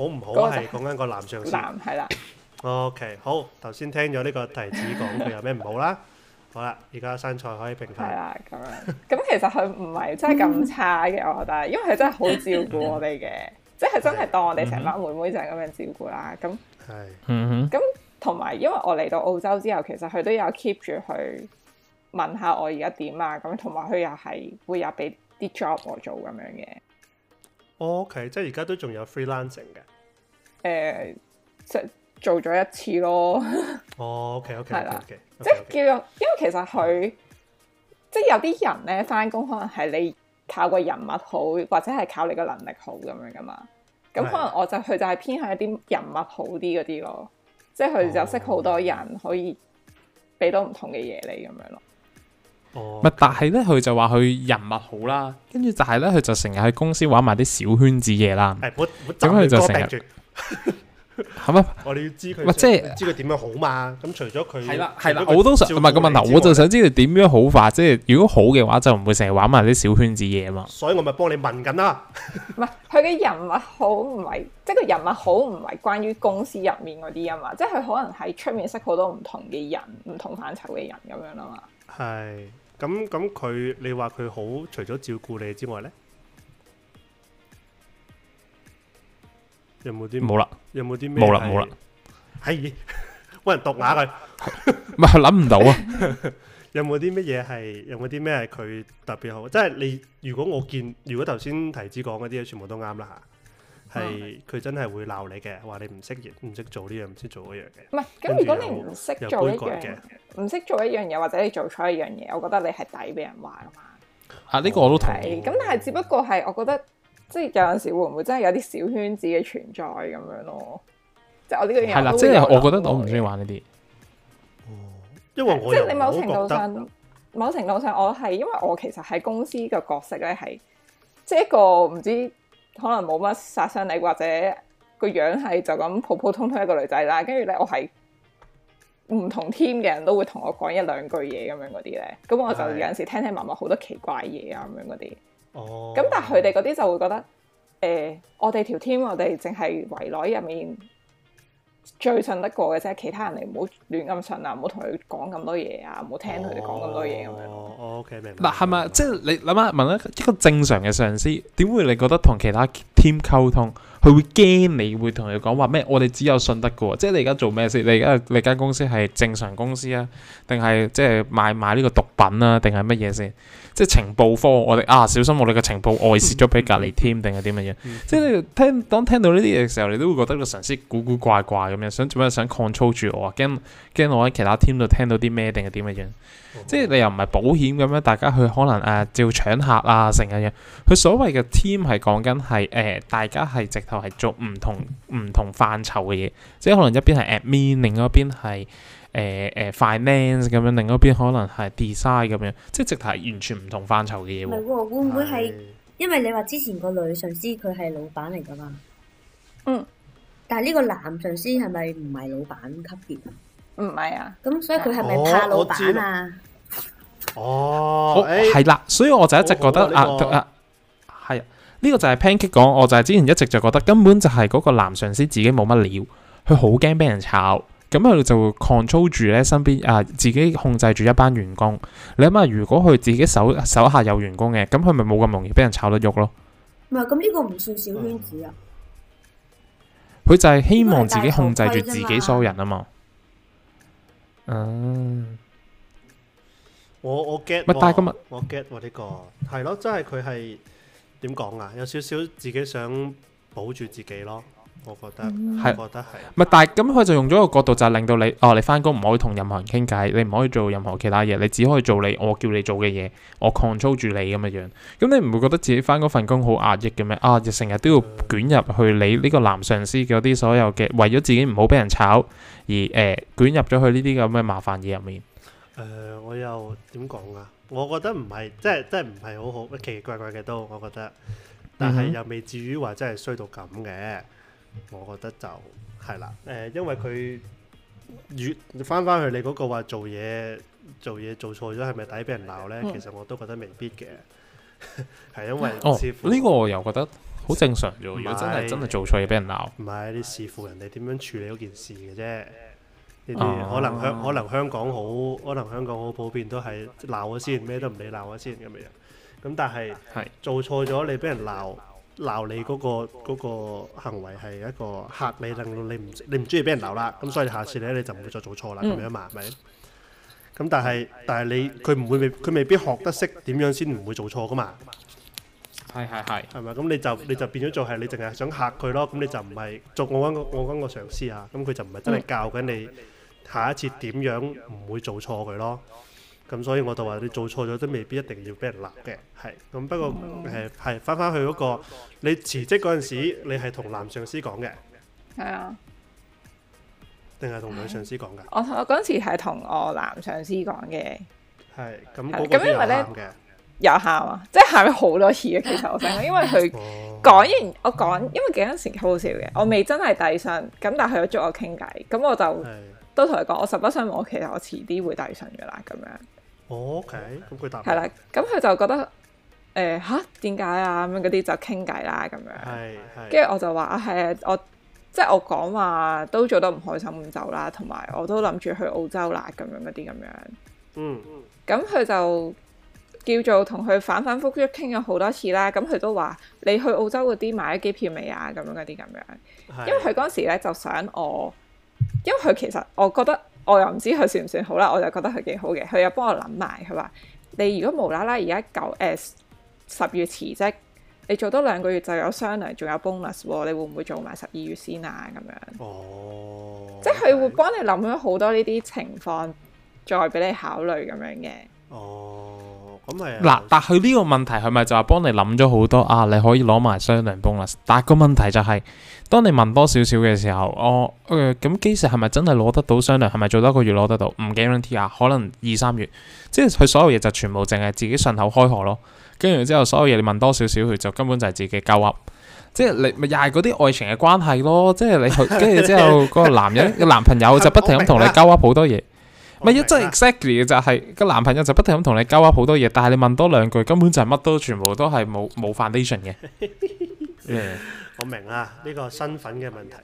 好唔好係講緊個男上司？男係啦。OK，好，頭先聽咗呢個提子講佢有咩唔好啦。 好啦，而家生菜可以評價。係啦，咁樣，咁其實佢唔係真係咁差嘅，我覺得，因為佢真係好照顧我哋嘅， 即係真係當我哋成班妹妹就係咁樣照顧啦。咁係 那，咁同埋因為我嚟到澳洲之後，其實佢都有 keep 住去問下我而家點啊，咁同埋佢又係會有俾啲 job 我做咁樣嘅。哦，OK，即係而家都仲有 freelancing 嘅，誒、呃，即係做咗一次咯。哦，O K，O K，O K，即係叫，因為其實佢，即係有啲人咧，翻工，可能係你靠個人物好，或者係靠你個能力好咁樣噶嘛。咁可能我就佢的就係偏向一啲人物好啲嗰啲咯，即係佢就識好多人，oh. 可以俾到唔同嘅嘢你咁樣咯。但係呢，佢就話佢人脈好啦，跟住就係呢，佢就成日喺公司玩埋啲小圈子嘢啦。咁佢就成日係咩？我哋要知佢，即係知佢點樣好嘛？咁除咗佢係啦，係啦，我都想唔係個問題，我就想知道點樣好法。即係如果好嘅話，就唔會成日玩埋啲小圈子嘢嘛。所以我咪幫你問緊啦。唔係佢嘅人脈好唔係，即係佢人脈好唔係關於公司入面嗰啲啊嘛。即係佢可能喺出面識好多唔同嘅人，唔同範疇嘅人咁樣啊嘛。係。咁咁佢，你話佢好？除咗照顧你之外咧，有冇啲冇啦？了有冇啲咩冇啦冇啦？係，冇、哎、 人奪眼佢，唔係諗唔到啊！ 有冇啲咩嘢係？有冇啲咩佢特別好？即係你如果我見，如果頭先提子講嗰啲嘢，全部都啱啦吓。係佢真係會鬧你嘅，話你唔識唔識做呢、這、樣、個，唔識做嗰樣嘅。唔係是，咁如果你唔識做一樣嘅，唔識做一樣嘢，或者你做錯一樣嘢，我覺得你係抵俾人話噶嘛。啊，呢、這個我都同意。咁 Okay, 但係只不過係，我覺得即係、就是、有陣時會唔會真係有啲小圈子嘅存在咁樣咯？即、就、係、是、我呢個樣係啦，即係、啊就是、我覺得我唔中意玩呢啲。哦、嗯，因為即係、啊就是、某程度上，某程度上我，我係因為我其實喺公司嘅角色咧係，即、就、係、是、一個唔知。可能冇乜殺傷力，或者個樣係就咁普普通通一個女仔啦。跟住咧，我係唔同 team 嘅人都會同我講一兩句嘢咁樣嗰啲咧。咁我就有陣時聽聽聞聞好多奇怪嘢啊咁樣嗰啲。哦。咁但係佢哋嗰啲就會覺得，誒、呃，我哋條 team 我哋淨係圍內入面，最信得過嘅啫，其他人你唔好亂咁信啊，唔好同佢講咁多嘢啊，唔好聽佢哋講咁多嘢咁樣。哦，哦，OK，明白。嗱、啊，係咪、嗯、即係你諗下問下一個正常嘅上司，點會你覺得同其他 team 溝通？佢會驚你會同佢講話咩？我哋只有信得嘅，即係你而家做咩先？你而家你間公司係正常公司啊，定係即係買買呢個毒品啊，定係乜嘢先？即係情報科，我哋啊小心我哋嘅情報外泄咗俾隔離 team 定係點乜嘢？即係你聽當聽到呢啲嘢嘅時候，你都會覺得個神識古古怪怪咁樣，想做咩？想 control 住我啊？驚驚我喺其他 team 度聽到啲咩定係點乜嘢？即係你又唔係保險咁樣，大家去可能誒、啊、照搶客啊成嘅樣。佢所謂嘅 team 係講緊係誒，大家係直。就係做唔同唔同範疇嘅嘢，即係可能一邊係 admin，另一邊係誒誒 finance 咁樣，另一邊可能係 design 咁樣，即係直頭係完全唔同範疇嘅嘢。唔係喎，會唔會係？的因為你話之前個女上司佢係老闆嚟噶嘛？嗯，但係呢個男上司係咪唔係老闆級別？唔係啊，咁所以佢係咪怕老闆啊哦？哦，係啦好、欸，所以我就一直覺得、哦這個、啊～啊呢個就係 pancake 講，我就係之前一直就覺得根本就係嗰個男上司自己冇乜料，佢好驚俾人炒，咁佢就 control 住咧身邊啊、呃、自己控制住一班員工。你諗下，如果佢自己手手下有員工嘅，咁佢咪冇咁容易俾人炒得喐咯？唔係、嗯，咁呢個唔算小圈子啊。佢就係希望自己控制住自己所有人啊嘛。嗯，嗯我我 get，it、欸、但係今日我 get 我呢、嗯這個係咯，即係佢係。點講啊？有少少自己想保住自己咯，我覺得係，是覺得係。唔係，但係咁佢就用咗個角度就係、是、令到你，哦，你返工唔可以同任何人傾偈，你唔可以做任何其他嘢，你只可以做你我叫你做嘅嘢，我 control 住你咁嘅樣。咁、嗯、你唔會覺得自己返嗰份工好壓抑嘅咩？啊，成日都要捲入去你呢個男上司嗰啲所有嘅，為咗自己唔好俾人炒而誒、呃、捲入咗去呢啲咁嘅麻煩嘢入面。誒、呃，我又點講啊？我覺得唔係，即係即係唔係好好，奇奇怪怪嘅都我覺得。但係又未至於話真係衰到咁嘅，我覺得就係啦。誒、呃，因為佢越翻翻去你嗰個話做嘢，做嘢做錯咗係咪抵俾人鬧呢？嗯、其實我都覺得未必嘅，係 因為呢、哦，這個我又覺得好正常。如果真係真係做錯嘢俾人鬧，唔係是、呃、你視乎人哋點樣處理嗰件事嘅啫。可能香、啊、可能香港好，可能香港好普遍都係鬧我先，咩都唔理，鬧我先咁嘅樣。咁但係做錯咗，你俾人鬧鬧你嗰個行為係一個嚇你，令到你唔你唔中意俾人鬧啦。咁所以下次咧你就唔會再做錯啦，咁樣嘛，係咪？咁但係但係你佢唔會佢未必學得識點樣先唔會做錯噶嘛。係係係，係咪？咁你就你就變咗做係你淨係想嚇佢咯。咁你就唔係做我嗰、那個我嗰個上司啊。咁佢就唔係真係教緊你。嗯下一次點樣唔會做錯佢咯？咁所以我就話你做錯咗都未必一定要俾人鬧嘅，係咁不過誒係翻翻去嗰、那個你辭職嗰陣時，你係同男上司講嘅，係啊、嗯，定係同女上司講嘅？我我嗰陣時係同我男上司講嘅，係咁咁因為咧有喊啊，即係喊咗好多次嘅。其實我想因為佢講錯完我講，因為幾多時好好笑嘅，我未真係遞信，咁但係佢捉我傾偈，咁我就。都同佢講，我實不相瞞，我其實我遲啲會遞信噶啦，咁樣。Okay 咁佢答係啦，咁佢就覺得誒吓點解啊咁樣嗰啲就傾偈啦，咁樣。係跟住我就話啊，係我即係我講話都做得唔開心就走啦，同埋我都諗住去澳洲啦，咁樣嗰啲咁樣。嗯咁佢就叫做同佢反反复覆傾咗好多次啦，咁佢都話你去澳洲嗰啲買咗機票未啊？咁樣嗰啲咁樣，因為佢嗰時咧就想我。嗯嗯嗯嗯嗯嗯因為佢其實，我覺得我又唔知佢算唔算好啦，我就覺得佢幾好嘅。佢又幫我諗埋，佢話你如果無啦啦而家九誒十月辭職，你做多兩個月就有雙糧，仲有 bonus，你會唔會做埋十二月先啊？咁樣哦，即係佢會幫你諗咗好多呢啲情況，再俾你考慮咁樣嘅哦。Oh, okay. 嗱、嗯，但佢呢個問題是是是，佢咪就係幫你諗咗好多啊？你可以攞埋商量 bonus，但個問題就係、是，當你問多少少嘅時候，哦，咁幾時係咪真係攞得到商量？係咪做多一個月攞得到？唔 guarantee 啊，可能二三月，即係佢所有嘢就全部淨係自己順口開河咯。跟住之後，所有嘢你問多少少，佢就根本就係自己鳩 up，即係你咪又係嗰啲愛情嘅關係咯。即係你跟住 之後，嗰個男人嘅 男朋友就不停咁同你鳩 up 好多嘢。唔一真係 exactly 就係個男朋友就不停咁同你交啊好多嘢，但係你問多兩句，根本就係乜都全部都係冇冇 foundation 嘅。Yeah. 我明啊，呢、這個身份嘅問題，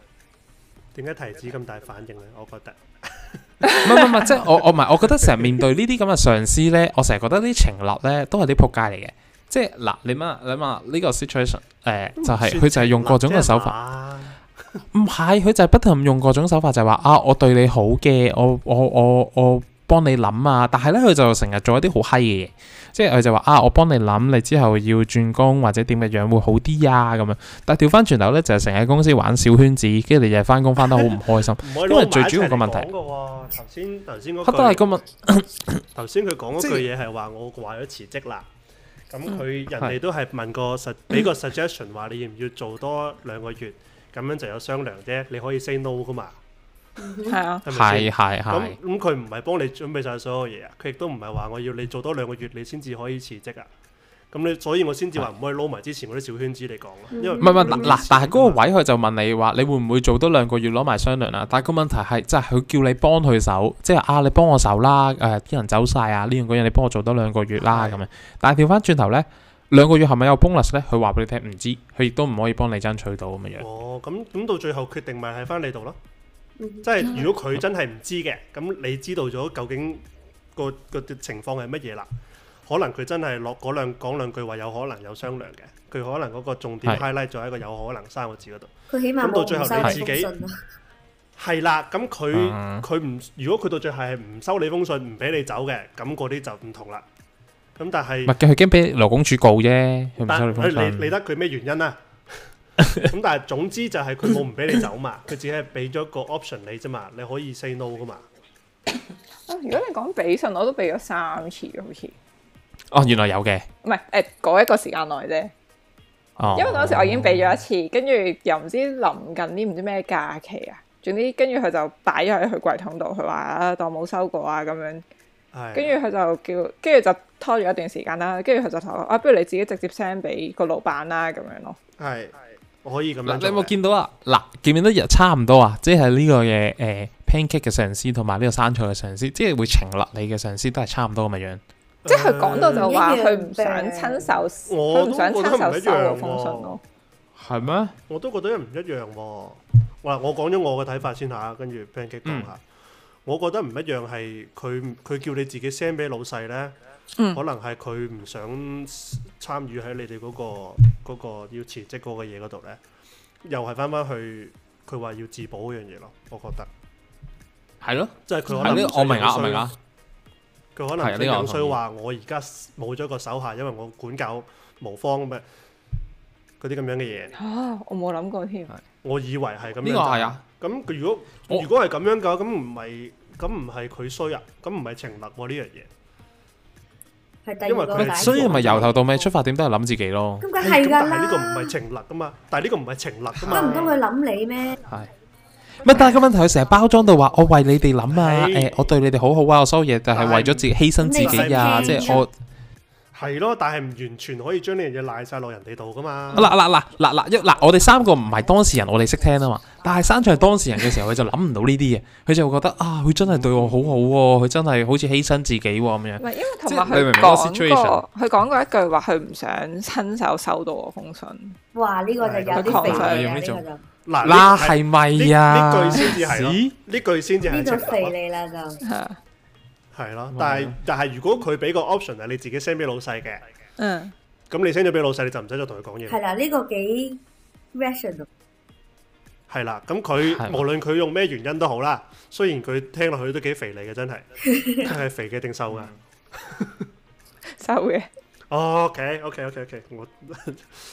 點解提子咁大反應呢？我覺得唔唔唔，即係我我唔係，我覺得成日面對呢啲咁嘅上司呢，我成日覺得啲情立呢都係啲仆街嚟嘅。即係嗱，你問你問呢個 situation，誒、欸、就係、是、佢就係用各種嘅手法。唔係，佢就係不停用各種手法，就係、是、話啊，我對你好嘅，我我我我幫你諗啊。但係呢，佢就成日做一啲好閪嘅嘢，即係佢就話啊，我幫你諗，你之後要轉工或者點嘅樣會好啲啊咁樣。但係調翻轉頭呢，就係成日公司玩小圈子，跟住你日日翻工翻得好唔開心。 因可最主要佢講嘅喎。頭先頭先嗰句，好多係個問題。頭先佢講嗰句嘢係話我話咗辭職啦。咁佢 人哋都係問過 個實，俾個 suggestion 話你要唔要做多兩個月。咁樣就有商量啫，你可以 say no 噶嘛，係啊， 係係係。咁咁佢唔係幫你準備晒所有嘢啊，佢亦都唔係話我要你做多兩個月你先至可以辭職啊。咁你所以我先至話唔可以撈埋之前嗰啲小圈子嚟講啊，的因為唔係唔係嗱，但係嗰個位佢就問你話，你會唔會做多兩個月攞埋商量啊？但係個問題係，即係佢叫你幫佢手，即係啊，你幫我手啦、啊，誒、啊、啲人走晒啊呢樣嗰樣，你幫我做多兩個月啦咁樣。的但係調翻轉頭呢。兩個月係咪有 bonus 咧？佢話俾你聽唔知，佢亦都唔可以幫你爭取到咁嘅嘢。哦，咁咁到最後決定咪喺翻你度咯。嗯、即係如果佢真係唔知嘅，咁、嗯、你知道咗究竟，嗰個嗰個情況係乜嘢啦？可能佢真係落嗰兩講兩句話，有可能有商量嘅。佢可能嗰個重點 highlight 就喺一個有可能三個字嗰度。咁到最後你自己，係啦的，咁佢佢唔如果佢到最後係唔收你封信，唔俾你走嘅，咁嗰啲就唔同啦。咁但係唔係佢驚俾勞工處告啫，佢唔收你封信。但係理理得佢咩原因啊？咁但係總之就係佢冇唔俾你走嘛，佢只係俾咗個 option 你啫嘛，你可以 say no 噶嘛。啊，如果你講俾信，我都俾咗三次嘅，好似。哦，原來有嘅，唔係誒，嗰一個時間內啫。哦。因為嗰時我已經俾咗一次，跟住又唔知臨近啲唔知咩假期啊，總之跟住佢就擺咗喺佢櫃桶度，佢話啊當冇收過啊咁樣。跟住佢就叫，跟住就拖住一段時間啦。跟住佢就同啊，不如你自己直接 send 俾個老闆啦，咁樣咯。係，我可以咁樣你有冇見到啊？嗱，見唔見得亦差唔多啊？即係呢個嘅誒、呃、Pancake 嘅上司同埋呢個生菜嘅上司，即係會懲罰你嘅上司都係差唔多咁嘅樣。嗯、即係佢講到就話佢唔想親手，佢唔、嗯、想親手寫封信咯。係咩？我都覺得唔一樣喎。我話講咗我嘅睇法先嚇，跟住 Pancake 講下。嗯我覺得唔一樣，係佢佢叫你自己 send 俾老細咧，嗯、可能係佢唔想參與喺你哋嗰、嗰個嗰個要辭職嗰個嘢嗰度咧，又係翻翻去佢話要自保嗰樣嘢咯。我覺得係咯，即係佢可能的我明啊，我明啊，佢可能你佢想話我而家冇咗個手下，因為我管教無方咁嘅嗰啲咁樣嘅嘢，我冇諗過添，的我以為係咁呢個係啊的。咁佢如果如果係咁樣嘅話，咁唔係咁唔係佢衰啊，咁唔係情立喎呢樣嘢。係因為佢。所以咪由頭到尾出發點都係諗自己咯。咁梗係噶啦。但係呢個唔係情立噶嘛，但係呢個唔係情立噶嘛。得唔通佢諗你咩？係。乜？但係個問題，佢成日包裝到話我為你哋諗啊，誒，我對你哋好好啊，我所有嘢就係為咗自己犧牲自己呀，即係我。係咯，但係唔完全可以將呢樣嘢賴晒落人哋度噶嘛？嗱嗱嗱嗱嗱一嗱，我哋三個唔係當事人，我哋識聽啊嘛。但係身在當事人嘅時候，佢就諗唔到呢啲嘢，佢就會覺得啊，佢真係對我好好喎，佢真係好似犧牲自己喎咁樣。唔係，因為同埋佢講過，佢講過一句話，佢唔想親手收到我封信。哇，呢個就有啲背景嘅就嗱，係咪啊？呢句先至係咯，呢句先至係呢種肥你啦就。係咯，但係但係如果佢俾個 option 係，你自己 send 俾老細嘅，嗯，咁你 send 咗俾老細，你就唔使再同佢講嘢。係啦，呢個幾 rational 咯。係啦，咁佢無論佢用咩原因都好啦，雖然佢聽落去都幾肥膩嘅，真係係肥嘅定瘦㗎？瘦嘅。哦，OK，OK，OK，OK，我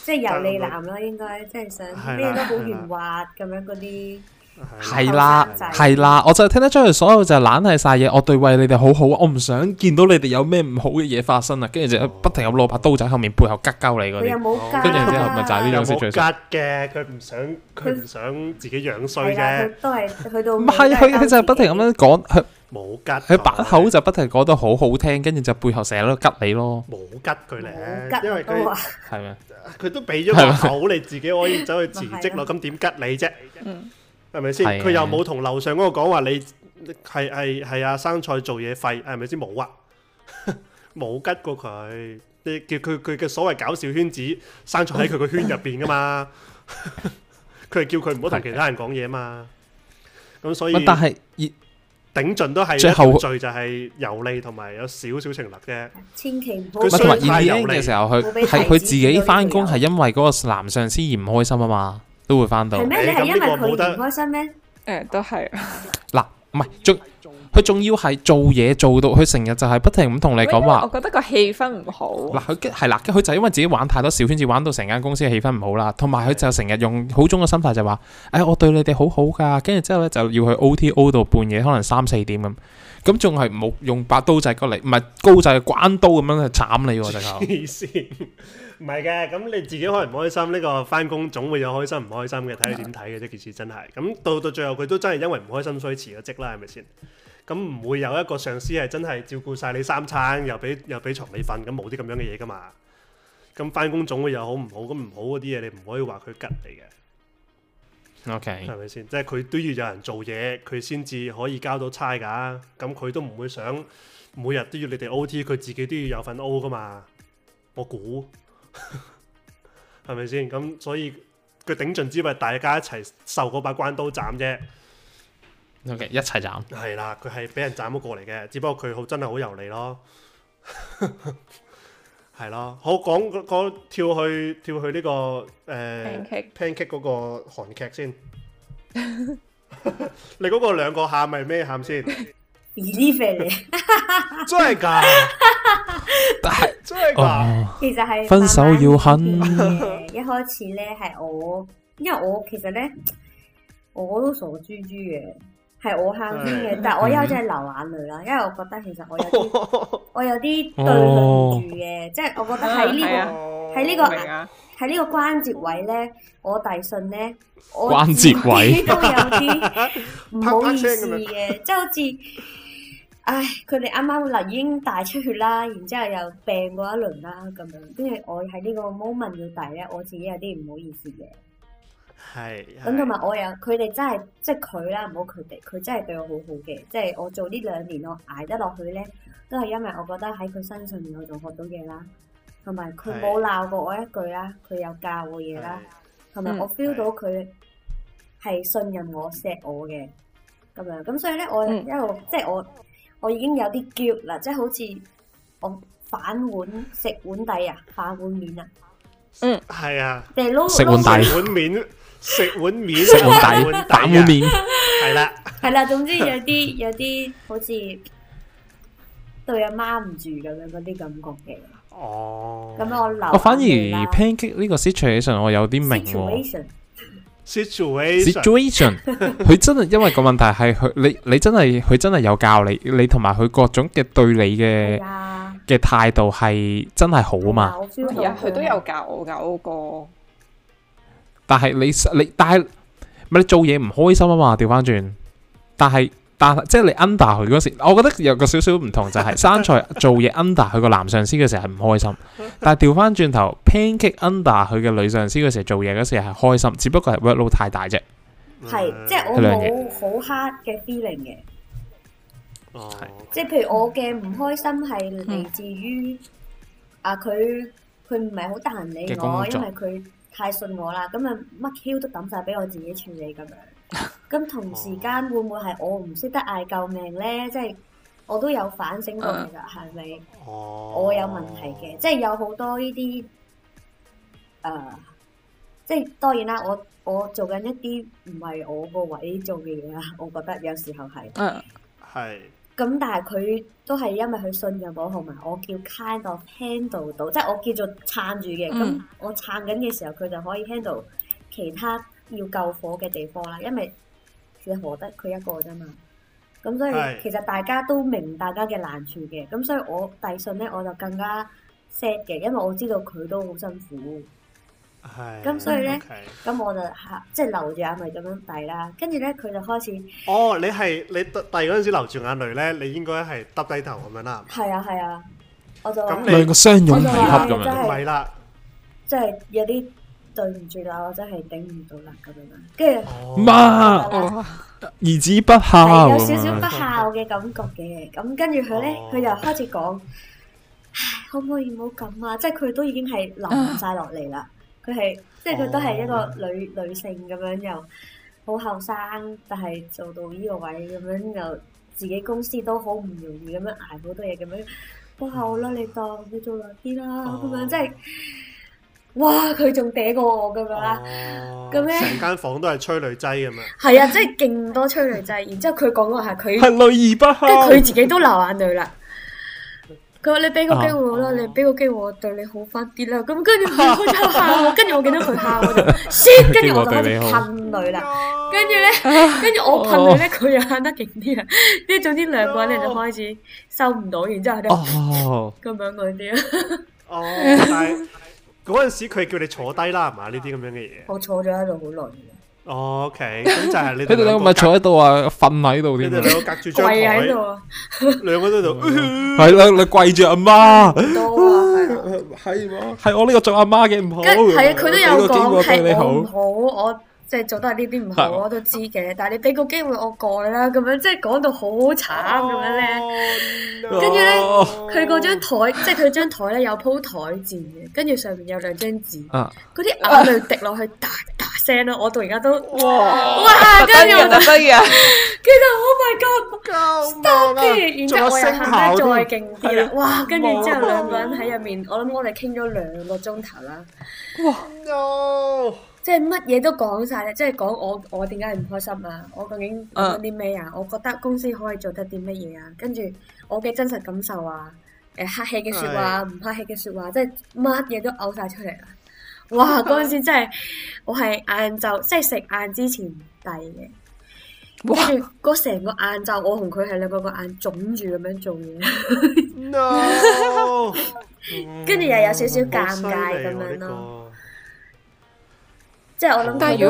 即係油膩男啦，應該即係想咩都好圓滑咁樣嗰啲。係啦，係啦，我就聽得出嚟，所有就係懶係晒嘢。我對為你哋好好，我唔想見到你哋有咩唔好嘅嘢發生啊！跟住就不停咁攞把刀仔喺後面背後吉鳩你嗰啲，跟住之後咪就係呢種最衰。冇吉嘅，佢唔想，佢唔想自己樣衰嘅。都係去到唔係佢，佢就不停咁樣講，佢冇吉，佢把口就不停講得好好聽，跟住就背後成日喺度吉你咯。冇吉佢咧，因為佢話，係咪？佢都俾咗個口，你自己可以走去辭職咯。咁點吉你啫？嗯。係咪先？佢吧又冇同樓上嗰個講話，你係係係阿生菜做嘢廢，係咪先？冇啊，冇 吉過佢。你叫佢佢嘅所謂搞笑圈子，生菜喺佢個圈入邊噶嘛？佢 係叫佢唔好同其他人講嘢啊嘛。咁的所以，但係熱頂盡都係最後序就係油膩同埋有少少情立啫。千祈唔好太油膩嘅時候去，係佢自己翻工係因為嗰個男上司而唔開心啊嘛。都會翻到。係咩？你係因為佢唔開心咩？誒，都係。嗱，唔係，仲佢仲要係做嘢做到，佢成日就係不停咁同你講話。我覺得個氣氛唔好。嗱，佢係啦，佢就係因為自己玩太多小圈子，玩到成間公司嘅氣氛唔好啦。同埋佢就成日用好中嘅心態就話，誒，我對你哋好好噶。跟住之後咧，就要去 OTO 度半夜可能三四點咁，咁仲係冇用把刀仔過嚟，唔係高就關刀咁樣去斬你喎，真係。唔係嘅，咁你自己開唔開心？呢個翻工總會有開心唔開心嘅，睇你點睇嘅啫。件事真係咁到到最後，佢都真係因為唔開心所以辭咗職啦，係咪先？咁唔會有一個上司係真係照顧晒你三餐，又俾又俾牀你瞓，咁冇啲咁樣嘅嘢噶嘛？咁翻工總會有好唔好？咁唔好嗰啲嘢，你唔可以話佢吉你嘅。O K 係咪先？即係佢都要有人做嘢，佢先至可以交到差㗎。咁佢都唔會想每日都要你哋 O T，佢自己都要有份 O 噶嘛。我估。係咪先？咁 所以佢頂盡之咪大家一齊受嗰把關刀斬啫。OK，一齊斬。係啦，佢係俾人斬咗過嚟嘅，只不過佢好真係好油膩咯。係 咯，好講個跳去跳去呢個誒，pancake 嗰個韓劇先。 你嗰個兩個喊係咩喊先？依啲咩嚟？真係噶。但係真係噶，其實係分手要狠。一開始咧係我，因為我其實咧我都傻豬豬嘅，係我喊先嘅，但係我一開始流眼淚啦，因為我覺得其實我有啲，我有啲對唔住嘅，即係我覺得喺呢個喺呢個喺呢個關節位咧，我遞信咧，我關節位都有啲唔好意思嘅，即係好似。唉，佢哋啱啱啦，已經大出血啦，然之後又病過一輪啦，咁樣。跟住我喺呢個 moment 要大咧，我自己有啲唔好意思嘅。係。咁同埋我又，佢哋真係，即係佢啦，唔好佢哋，佢真係對我好好嘅。即係我做呢兩年，我捱得落去咧，都係因為我覺得喺佢身上面，我仲學到嘢啦。同埋佢冇鬧過我一句啦，佢有教我嘢啦。同埋是我 feel 到佢係信任我、錫我嘅。咁樣，咁所以咧，我一路即係我。我已經有啲 guilt 啦，即係好似我反碗食碗底啊，反碗面啊，嗯，係啊，食碗底碗面，食碗面食碗底反碗面，係啦，係啦，總之有啲有啲好似對阿媽唔住咁樣嗰啲感覺嘅，哦，咁我留，我反而抨擊呢個 situation，我有啲明。situation，佢 真係因為個問題係佢你你真係佢真係有教你你同埋佢各種嘅對你嘅嘅態度係真係好啊嘛，佢都有教我㗎嗰個但，但係你你但係唔係你做嘢唔開心啊嘛，調翻轉，但係。但係，即係你 under 佢嗰時，我覺得有個少少唔同就係、是，生菜做嘢 under 佢個男上司嘅時候係唔開心，但係調翻轉頭 pancake under 佢嘅女上司嘅時候做嘢嗰時係開心，只不過係 workload 太大啫。係的，即係我冇好 hard 嘅 feeling 嘅。哦的，即係譬如我嘅唔開心係嚟自於，嗯、啊佢佢唔係好得閒理我，因為佢太信我啦，咁啊乜 Q 都抌晒俾我自己處理咁樣。咁同時間會唔會係我唔識得嗌救命咧？即、就、係、是、我都有反省過，其實，係咪、uh,？Oh. 我有問題嘅，即、就、係、是、有好多呢啲，誒、uh, 就是，即係當然啦。我我做緊一啲唔係我個位做嘅嘢啦。我覺得有時候係，係。咁但係佢都係因為佢信任我同埋我，叫 kind of handle 到，即係我叫做撐住嘅。咁、mm. 我撐緊嘅時候，佢就可以 handle 其他要救火嘅地方啦。因為只何得佢一個啫嘛。咁所以其實大家都明大家嘅難處嘅，咁所以我遞信咧，我就更加 sad 嘅，因為我知道佢都好辛苦。係。咁所以咧，咁我就即係留住眼淚咁樣遞啦。跟住咧，佢就開始。哦，你係你遞嗰陣時流住眼淚咧，你應該係耷低頭咁樣啦。係啊，係啊，我就。咁你個相擁而泣咁樣，唔係啦。即係有啲。對唔住啦，我真係頂唔到啦咁樣，跟住媽兒子不孝，有少少不孝嘅感覺嘅。咁跟住佢咧，佢、嗯、就開始講，唉，可唔可以唔好咁啊？即係佢都已經係流晒落嚟啦。佢係、啊、即係佢都係一個女女性咁樣，又好後生，但係做到呢個位咁樣，又自己公司都好唔容易咁樣捱好多嘢，咁樣都好啦，你當你做兩啲啦咁樣，即係、哦。哇！佢仲嗲過我咁樣，咁咧成間房都係催淚劑咁樣！係啊，真係勁多催淚劑。然之後佢講話係佢係淚而不哭，跟住佢自己都流眼淚啦。佢話你俾個機會我啦，你俾個機會我對你好翻啲啦。咁跟住佢開始喊，跟住我見到佢喊嗰度，先跟住我就開始噴淚啦。跟住咧，跟住我噴淚咧，佢又喊得勁啲啊。即係總之兩個人就開始收唔到，然之後就咁樣嗰啲啊。哦，嗰陣時佢叫你坐低啦，係嘛？呢啲咁樣嘅嘢。我坐咗喺度好耐。哦，OK，咁就係你哋兩個咪坐喺度啊，瞓喺度添。你哋兩個隔住張台。跪喺度，兩 個喺度，係啦， 你跪住阿媽。多、 嗯、啊，係係我呢個做阿媽嘅唔好。係啊，佢都有講係你好。好我。即係做得係呢啲唔好我都知嘅，但係你俾個機會我改啦咁樣，即係講到好慘咁樣咧。跟住咧，佢嗰張台，即係佢張台咧有鋪台字嘅，跟住上面有兩張紙。嗰啲眼淚滴落去，嗒嗒聲咯。我到而家都哇，不得人啊，不得人！其實我 my god，stop it！然後我又喊得再勁啲啦，哇！跟住之後兩個人喺入面，我諗我哋傾咗兩個鐘頭啦。哇！No！即係乜嘢都講晒咧，即係講我我點解唔開心啊？我究竟講啲咩啊？Uh, 我覺得公司可以做得啲乜嘢啊？跟住我嘅真實感受啊，誒、呃，客氣嘅說話，唔是客氣嘅說話，即係乜嘢都嘔晒出嚟啦、啊！哇，嗰陣 時真係我係晏晝，即係食晏之前遞嘅，跟住嗰成個晏晝，我同佢係兩個個眼腫住咁樣做嘢，no，跟住又有少少尷尬咁樣咯、這個。即係我諗佢會面對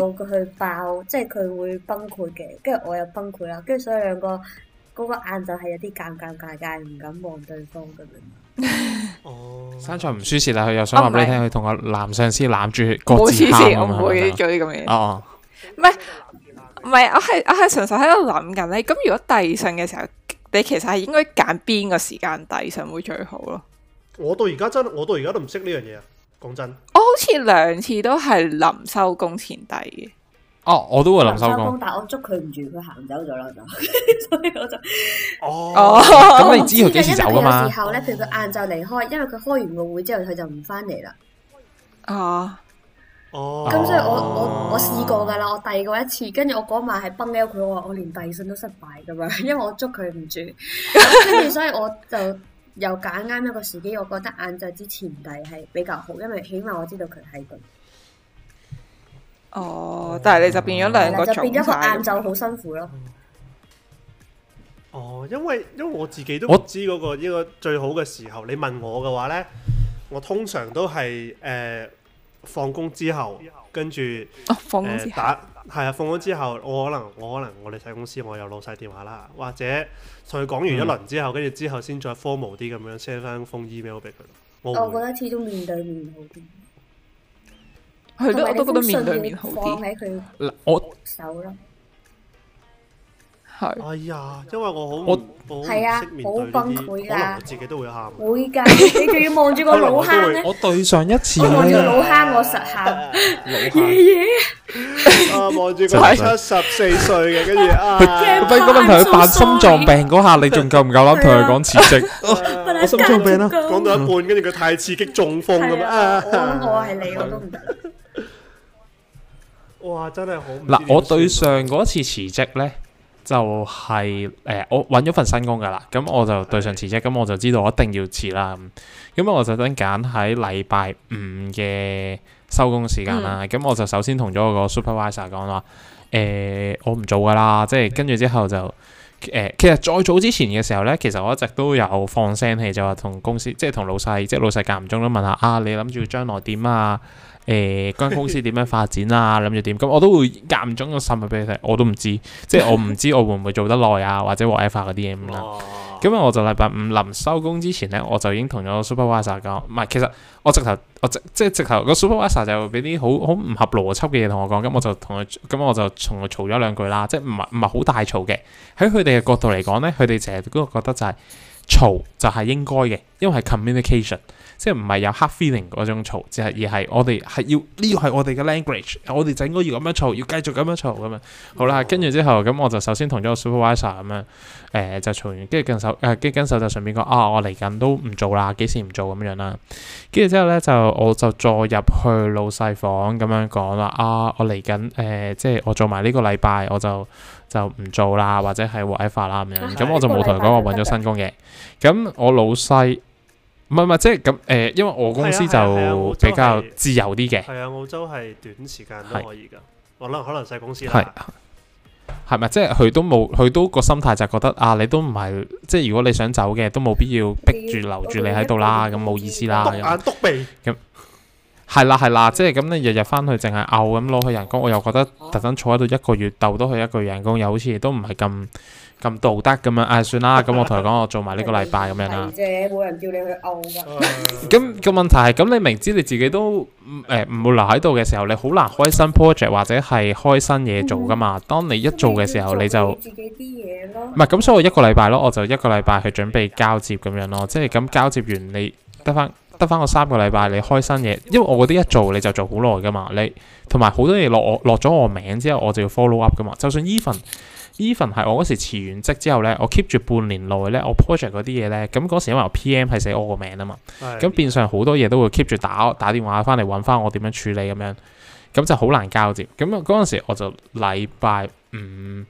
到佢去，去爆，即係佢會崩潰嘅，跟住我又崩潰啦，跟住所以兩個嗰、嗰個眼就係有啲尷尬尷，尷尬，唔敢望對方咁樣。哦，山菜唔舒適啦，佢又想話俾你聽，佢同個男上司攬住各自跑。唔會做啲咁嘅嘢。哦，唔係唔係，我係我係純粹喺度諗緊咧。咁如果遞信嘅時候，你其實係應該揀邊個時間遞信會最好咯？我到而家真，我到而家都唔識呢樣嘢啊！講真，我好似兩次都係臨收工前遞嘅。哦，我都係臨收，收工，但係我捉佢唔住，佢行走咗啦就。所以我就哦，咁你知佢先走噶。因為有時候咧，譬如佢晏晝離開，因為佢開完個會之後，佢就唔返嚟啦。啊，哦。咁所以，我我我試過噶啦，我遞過一次，跟住我嗰晚係崩咗佢，我話我連遞信都失敗咁樣，因為我捉佢唔住，跟住所以我就。又揀啱一個時機，我覺得晏晝之前第係比較好，因為起碼我知道佢喺度。哦，但係你就變咗兩個就變咗個晏晝好辛苦咯。哦，因為因為我自己都我知嗰、嗰個呢、呢個最好嘅時候。你問我嘅話呢，我通常都係誒放工之後，跟住哦放工之後、呃、打。係啊，放咗之後，我可能我可能我哋喺公司，我有老細電話啦，或者同佢講完一輪之後，跟住、嗯、之後先再 formal 啲咁樣 send 返封 email 俾佢。我，我覺得始終面對面好啲。係咯，我都覺得面對面好啲。放手我手咯。哎呀，因為我好我係啊，好崩潰噶，我自己都會喊，會噶，你仲要望住個老坑咧？我對上一次，我望住老坑，我實喊，老坑，我望住個七十四歲嘅，跟住啊，但係個問題，佢扮心臟病嗰下，你仲夠唔夠膽同佢講辭職？我心臟病咯，講到一半，跟住佢太刺激，中風咁樣！我係你，我都唔得。哇，真係好嗱，我對上嗰次辭職咧。就係、是、誒、呃，我揾咗份新工㗎啦，咁我就對上辭職，咁的我就知道我一定要辭啦。咁，咁我就想揀喺禮拜五嘅收工時間啦。咁、嗯、我就首先同咗個 supervisor 講話誒、呃，我唔做㗎啦。即係跟住之後就誒、呃，其實再早之前嘅時候咧，其實我一直都有放聲氣，就話同公司，即係同老細，即係老細間唔中都問下啊，你諗住將來點啊？誒，間、欸、公司點樣發展啊？諗住點？咁我都會間唔中個新聞俾你睇，我都唔知，即、就、係、是、我唔知我會唔會做得耐啊，或者 whatever 嗰啲嘢咁啦。咁啊哇，我就禮拜五臨收工之前咧，我就已經同咗 supervisor 講，唔係，其實我直頭我即即直即係直頭個 supervisor 就俾啲好好唔合邏輯嘅嘢同我講，咁我就同佢，咁我就同佢嘈咗兩句啦，即係唔係唔係好大嘈嘅。喺佢哋嘅角度嚟講咧，佢哋成日都覺得就係、是。嘈就係應該嘅，因為 communication，即係唔係有 hard feeling 嗰種嘈，只係而係我哋係要呢、這個係我哋嘅 language，我哋就應該要咁樣嘈，要繼續咁樣嘈咁啊。好啦，跟住，oh. 之後咁，我就首先同咗個 supervisor 咁、呃、樣，誒就嘈完，跟住跟手誒跟手就順便講啊，我嚟緊都唔做啦，幾時唔做咁樣啦。跟住之後咧就我就坐入去老細房咁樣講啦，啊我嚟緊誒，即係我做埋呢個禮拜我就。就唔做啦，或者係和解法啦咁樣，咁、啊、我就冇同佢講我揾咗新工嘅。咁、啊、我老細唔係唔係即係咁誒，因為我公司就比較自由啲嘅。係啊，啊，澳洲係短時間都可以噶，是可能可能細公司係係咪？即係佢都冇佢都個心態就覺得啊，你都唔係即係如果你想走嘅，都冇必要逼住留住你喺度啦，咁冇、欸欸欸欸、意思啦。厾眼厾鼻咁。係 啦係啦，即係咁你日日翻去淨係拗咁攞去人工，我又覺得特登坐喺度一個月鬥多佢一個月人工，又好似都唔係咁咁道德咁樣。唉、啊，算啦，咁我同佢講，我做埋呢個禮拜咁樣啦。冇人叫你去拗噶。咁個 問題係，咁你明知你自己都唔會、欸、留喺度嘅時候，你好難開新 project 或者係開新嘢做噶嘛。當你一做嘅時候，你就自己啲嘢咯。唔係、嗯、咁、嗯嗯嗯嗯嗯嗯、所以我一個禮拜咯，我就一個禮拜去準備交接咁樣咯。即係咁交接完，你得翻。得翻我三個禮拜，你開新嘢，因為我嗰啲一做你就做好耐噶嘛。你同埋好多嘢落我落咗我名之後，我就要 follow up 噶嘛。就算 even even 係我嗰時辭完職之後呢，我 keep 住半年內呢，我 project 嗰啲嘢呢。咁嗰時因為我 PM 係寫我個名啊嘛，咁變相好多嘢都會 keep 住打打電話翻嚟揾翻我點樣處理咁樣，咁就好難交接。咁嗰陣時我就禮拜五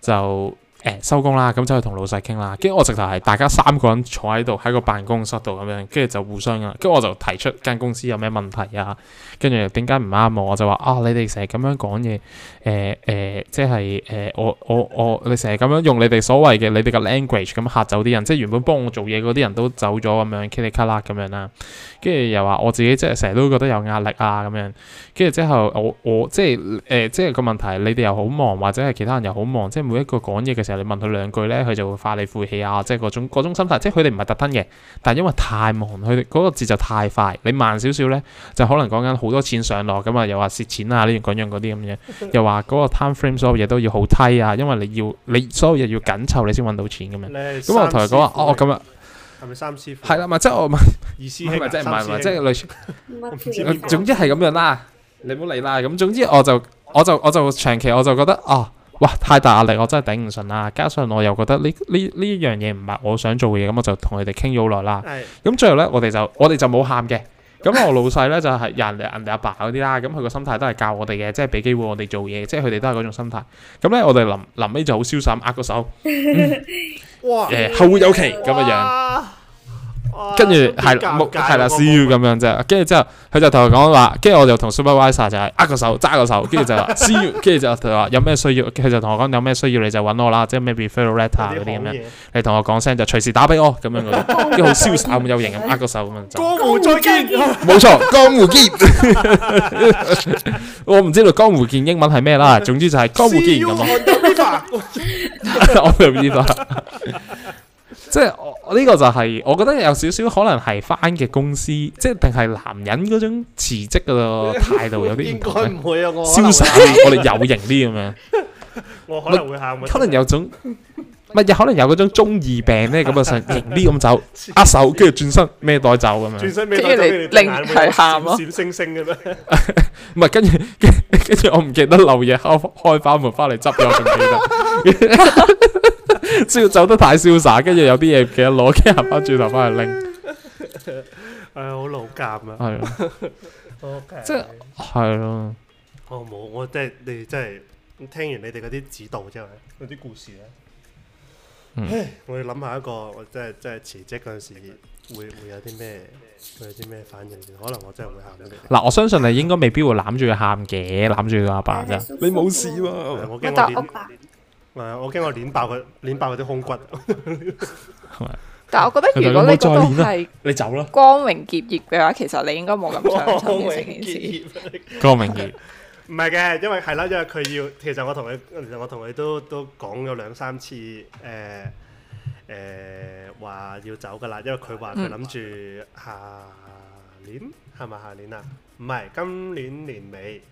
就。誒收工啦，咁、欸、就去同老細傾啦，跟住我直頭係大家三個人坐喺度喺個辦公室度咁樣，跟住就互相啊，跟住我就提出間公司有咩問題啊，跟住點解唔啱我，我就話啊，你哋成日咁樣講嘢，誒誒，即係誒我我我，你成日咁樣用你哋所謂嘅你哋嘅 language 咁嚇走啲人，即係原本幫我做嘢嗰啲人都走咗咁樣，噼里卡啦咁樣啦，跟住又話我自己即係成日都覺得有壓力啊咁樣，跟住之後我我即係誒、呃、即係個、呃、問題，你哋又好忙或者係其他人又好忙，即係每一個講嘢嘅時候。你問佢兩句咧，佢就會發你晦氣啊！即係嗰種，種心態，即係佢哋唔係特登嘅，但係因為太忙，佢哋嗰個節就太快，你慢少少咧，就可能講緊好多錢上落咁啊！又話蝕錢啊，呢樣嗰樣嗰啲咁樣，又話嗰個 time frame 所有嘢都要好梯啊，因為你要你所有嘢要緊湊，你先揾到錢咁樣。咁我同佢講話，是是哦咁啊，係咪三思？係啦咪，即係我問意思，即係唔係？即係類似，總之係咁樣啦。你唔好理啦！咁總之我就我就，我就，我，就，我，就，我就長期我就覺得啊。哦哇！太大壓力，我真係頂唔順啦。加上我又覺得呢呢呢樣嘢唔係我想做嘅嘢，咁我就同佢哋傾咗好耐啦。咁是、嗯、最後呢，我哋就我哋就冇喊嘅。咁我老細呢，就係、是、人人哋阿爸嗰啲啦。咁佢個心態都係教我哋嘅，即係俾機會我哋做嘢。即係佢哋都係嗰種心態。咁呢，我哋臨臨尾就好瀟灑握個手。嗯、 哇！誒、呃，後會有期咁嘅哇樣，樣。跟住係木係啦，see you 咁樣啫，跟住之後佢就同我講話，跟住我就同 supervisor 就係握個手揸個手，跟住就話 see you，跟住就同話有咩需要，佢就同我講有咩需要你就揾我啦，即係 maybe farewell letter 嗰啲咁樣，你同我講聲就隨時打俾我咁樣嗰啲，即係好瀟灑咁有型咁握個手咁樣就江湖再見。冇錯，江湖見。我唔知道江湖見英文係咩啦，總之就係江湖見咁啊。我唔知啊。即係我呢個就係，我覺得有少少可能係翻嘅公司，即係定係男人嗰種辭職嘅態度有啲唔同。應該唔會有個瀟灑，我哋有型啲咁啊。我可能會喊，可能有種唔係，可能有嗰種中二病咧，咁啊，想型啲咁走，握手，跟住轉身孭袋走咁啊。轉身孭袋走，跟住你另係喊咯，閃星星咁咯。唔係，跟住跟跟住，我唔記得漏嘢，開開翻門翻嚟，執咗，唔記得。要走 得太瀟灑，跟住有啲嘢唔記得攞，跟住行翻轉頭翻去拎，係、哎、啊，好老尷啊，係、okay。即係，即係係咯，我冇、即係，我即係你即、就、係、是、聽完你哋嗰啲指導之後，嗰啲故事咧，嗯唉，我要諗下一個，我即係即係辭職嗰陣時會，會有啲咩，佢有啲咩反應？可能我真係會喊。嗱，我相信你應該未必會攬住佢喊嘅，攬住佢阿爸啫，對你冇事嘛，我搭屋我驚我捻爆佢，捻爆佢啲胸骨。 但係我覺得，如果你覺得係 你走啦， 光榮結業嘅話，其實你應該冇咁光榮結業。光榮結業唔係嘅，因為係啦，因為佢要，其實我同佢，其實我同佢都都講咗兩三次，誒誒話要走噶啦，因為佢話佢諗住下年係咪、嗯、下年啊，唔係今年年尾，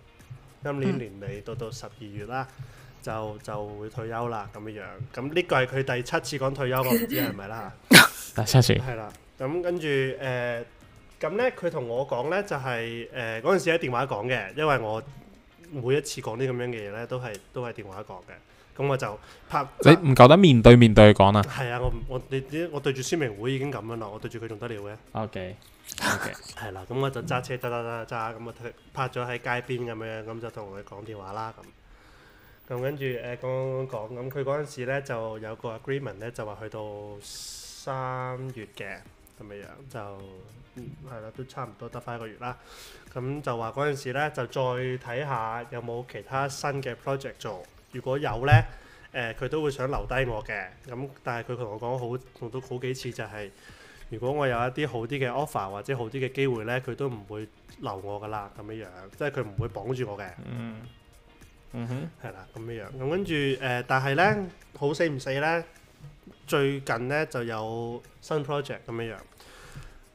今年年尾到到十二月啦。嗯嗯就就會退休啦咁嘅樣，咁呢個係佢第七次講退休，我唔知係咪啦嚇。第七次係啦，咁跟住誒，咁咧佢同我講咧就係誒嗰陣時喺電話講嘅，因為我每一次講啲咁樣嘅嘢咧都係都係電話講嘅，咁、嗯、我就拍，拍你唔夠得面對面對佢講啦！係啊，我我，我你我對住宣明會已經咁樣啦，我對住佢仲得了嘅。O K O K，係啦，咁、嗯、我就揸車得得得揸，咁啊拍咗喺街邊咁樣，咁就同佢講電話啦咁。咁跟住誒講講，咁佢嗰陣時咧就有個 agreement 咧，就話去到三月嘅咁樣樣，就嗯係啦、嗯，都差唔多得翻一個月啦。咁、嗯、就話嗰陣時咧就再睇下有冇其他新嘅 project 做。如果有咧，誒、呃、佢都會想留低我嘅。咁、嗯、但係佢同我講好，做到好幾次就係、是，如果我有一啲好啲嘅 offer 或者好啲嘅機會咧，佢都唔會留我噶啦。咁樣樣即係佢唔會綁住我嘅。嗯。嗯哼，係啦咁樣樣，咁跟住誒，但係咧好死唔死咧，最近咧就有新 project 咁樣樣，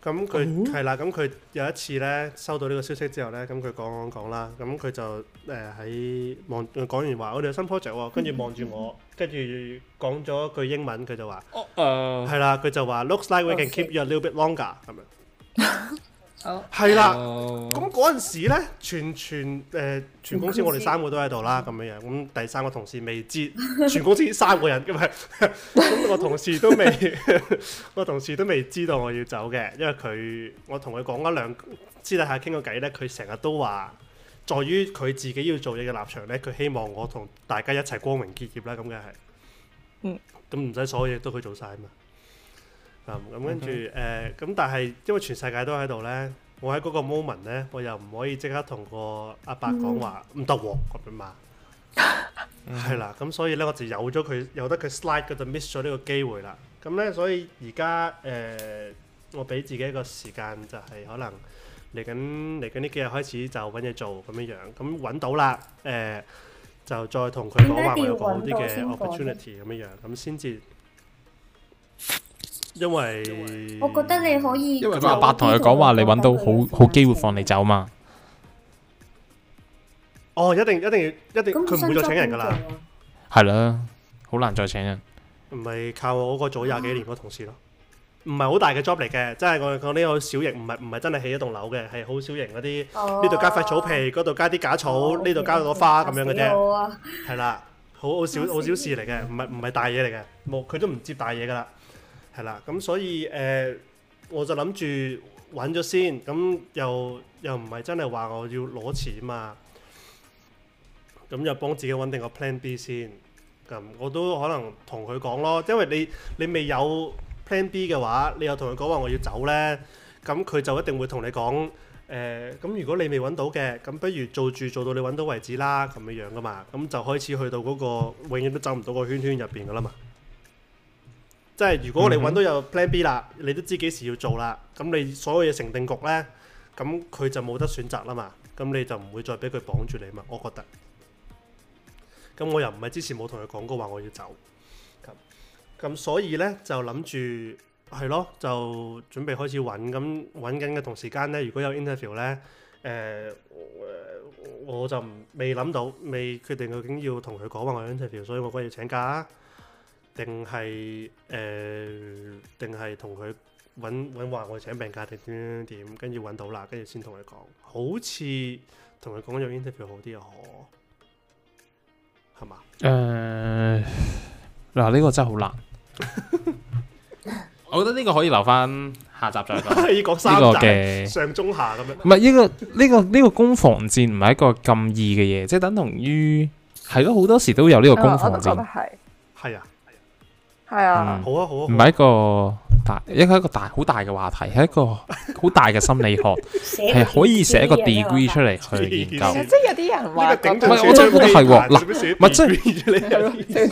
咁佢係啦，咁佢、嗯、有一次咧收到呢個消息之後咧，咁佢講一講一講啦，咁佢就誒喺望講完話，我哋有新 project 喎，跟住望住我，跟住、mm hmm. 講咗句英文，佢就話，誒、oh, uh,，係啦，佢就話 looks like we can keep you a little bit longer 咁樣。 係啦，咁嗰陣時呢，全全誒、呃、全公司我哋三個都喺度啦，咁樣樣，咁第三個同事未知，全公司三個人咁啊，咁我 同事都未， 我同事都未知道我要走嘅，因為佢我同佢講咗兩私底下傾個偈呢，佢成日都話，在於佢自己要做嘢嘅立場呢，佢希望我同大家一齊光榮結業啦，咁嘅係，嗯，咁唔使所有嘢都佢做晒嘛。咁咁跟住誒，咁但係因為全世界都喺度咧，我喺嗰個 moment 咧，我又唔可以即刻同個阿伯講話唔得喎咁樣嘛，係啦。咁所以咧，我就有咗佢，有得佢 slide 嗰陣 miss 咗呢個機會啦。咁咧，所以而家誒，我俾自己一個時間，就係可能嚟緊嚟緊呢幾日開始就揾嘢做咁樣樣。咁揾到啦，誒就再同佢講話我有個好啲嘅 opportunity 咁樣樣，咁先至。因為我覺得你可以，因為阿伯同佢講話，你揾到好好機會放你走嘛。哦，一定一定一定，佢唔會再請人噶啦。係啦，好難再請人。唔係靠我嗰個做咗廿幾年個同事咯。唔係好大嘅 job 嚟嘅，即係我講呢個小型，唔係唔係真係起一棟樓嘅，係好小型嗰啲。哦。呢度加塊草皮，嗰度加啲假草，呢度加咗個花咁樣嘅啫。哦。係啦，好好小好小事嚟嘅，唔係唔係大嘢嚟嘅。冇，佢都唔接大嘢噶啦。係啦，咁、嗯、所以誒、呃，我就諗住揾咗先，咁又又唔係真係話我要攞錢嘛，咁又幫自己揾定個 Plan B 先，咁我都可能同佢講咯，因為你你未有 Plan B 嘅話，你又同佢講話我要走呢，咁佢就一定會同你講誒，咁、呃、如果你未揾到嘅，咁不如做住做到你揾到為止啦，咁嘅樣噶嘛，咁就開始去到嗰、那個永遠都走唔到個圈圈入邊噶啦嘛。即係如果你揾到有 Plan B 啦，你都知幾時要做啦，咁你所有嘢成定局呢，咁佢就冇得選擇啦嘛，咁你就唔會再俾佢綁住你嘛，我覺得。咁我又唔係之前冇同佢講過話我要走，咁、嗯、所以呢，就諗住係咯，就準備開始揾，咁揾緊嘅同時間呢，如果有 interview 呢，誒、呃、我就未諗到，未決定究竟要同佢講話我有 interview，所以我覺得要請假，啊。定係誒，定係同佢揾揾話我請病假定點點點，跟住揾到啦，跟住先同佢講。好似同佢講咗 interview 好啲啊，係嘛？誒、呃、嗱、這、呢個真係好難。 我覺得呢個可以留翻下集再講。要講 三個嘅上中下咁樣。唔係呢個呢、這個呢、這個攻防戰唔係一個咁易嘅嘢，即、就、係、是、等同於係咯，好多時都有呢個攻防戰。我都覺得係。係啊。係啊，好啊好。唔係一個大，一個一個大好大嘅話題，係一個好大嘅心理學，係可以寫一個 degree 出嚟去研究。即係有啲人話咁，唔我真係覺得係喎。嗱，唔係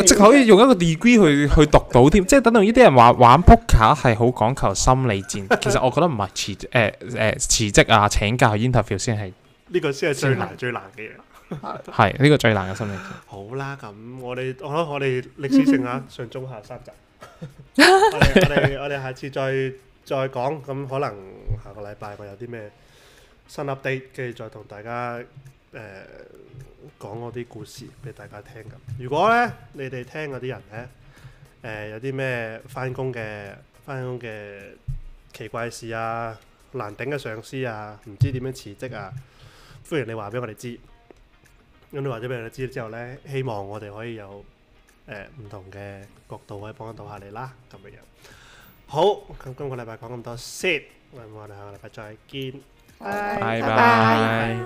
即係可以用一個 degree 去去讀到添，即係等同呢啲人話玩撲克係好講求心理戰。其實我覺得唔係辭誒誒辭職啊請教去 interview 先係呢個先係最難最難嘅嘢。係呢、 呢個最難嘅心理戰。好啦，咁我哋我我哋歷史性下上中下三集， 我哋我哋我哋下次再再講，咁可能下個禮拜我有啲咩新 update，跟住再同大家誒講嗰啲故事俾大家聽咁。如果咧你哋聽嗰啲人咧，誒、呃、有啲咩翻工嘅翻工嘅奇怪事啊，難頂嘅上司啊，唔知點樣辭職啊，歡迎你話俾我哋知。咁你話咗俾人知之後咧，希望我哋可以有誒唔、呃、同嘅角度可以幫得到下你啦，咁嘅樣。好，咁今個禮拜講咁多，see，我哋下個禮拜再見，拜拜。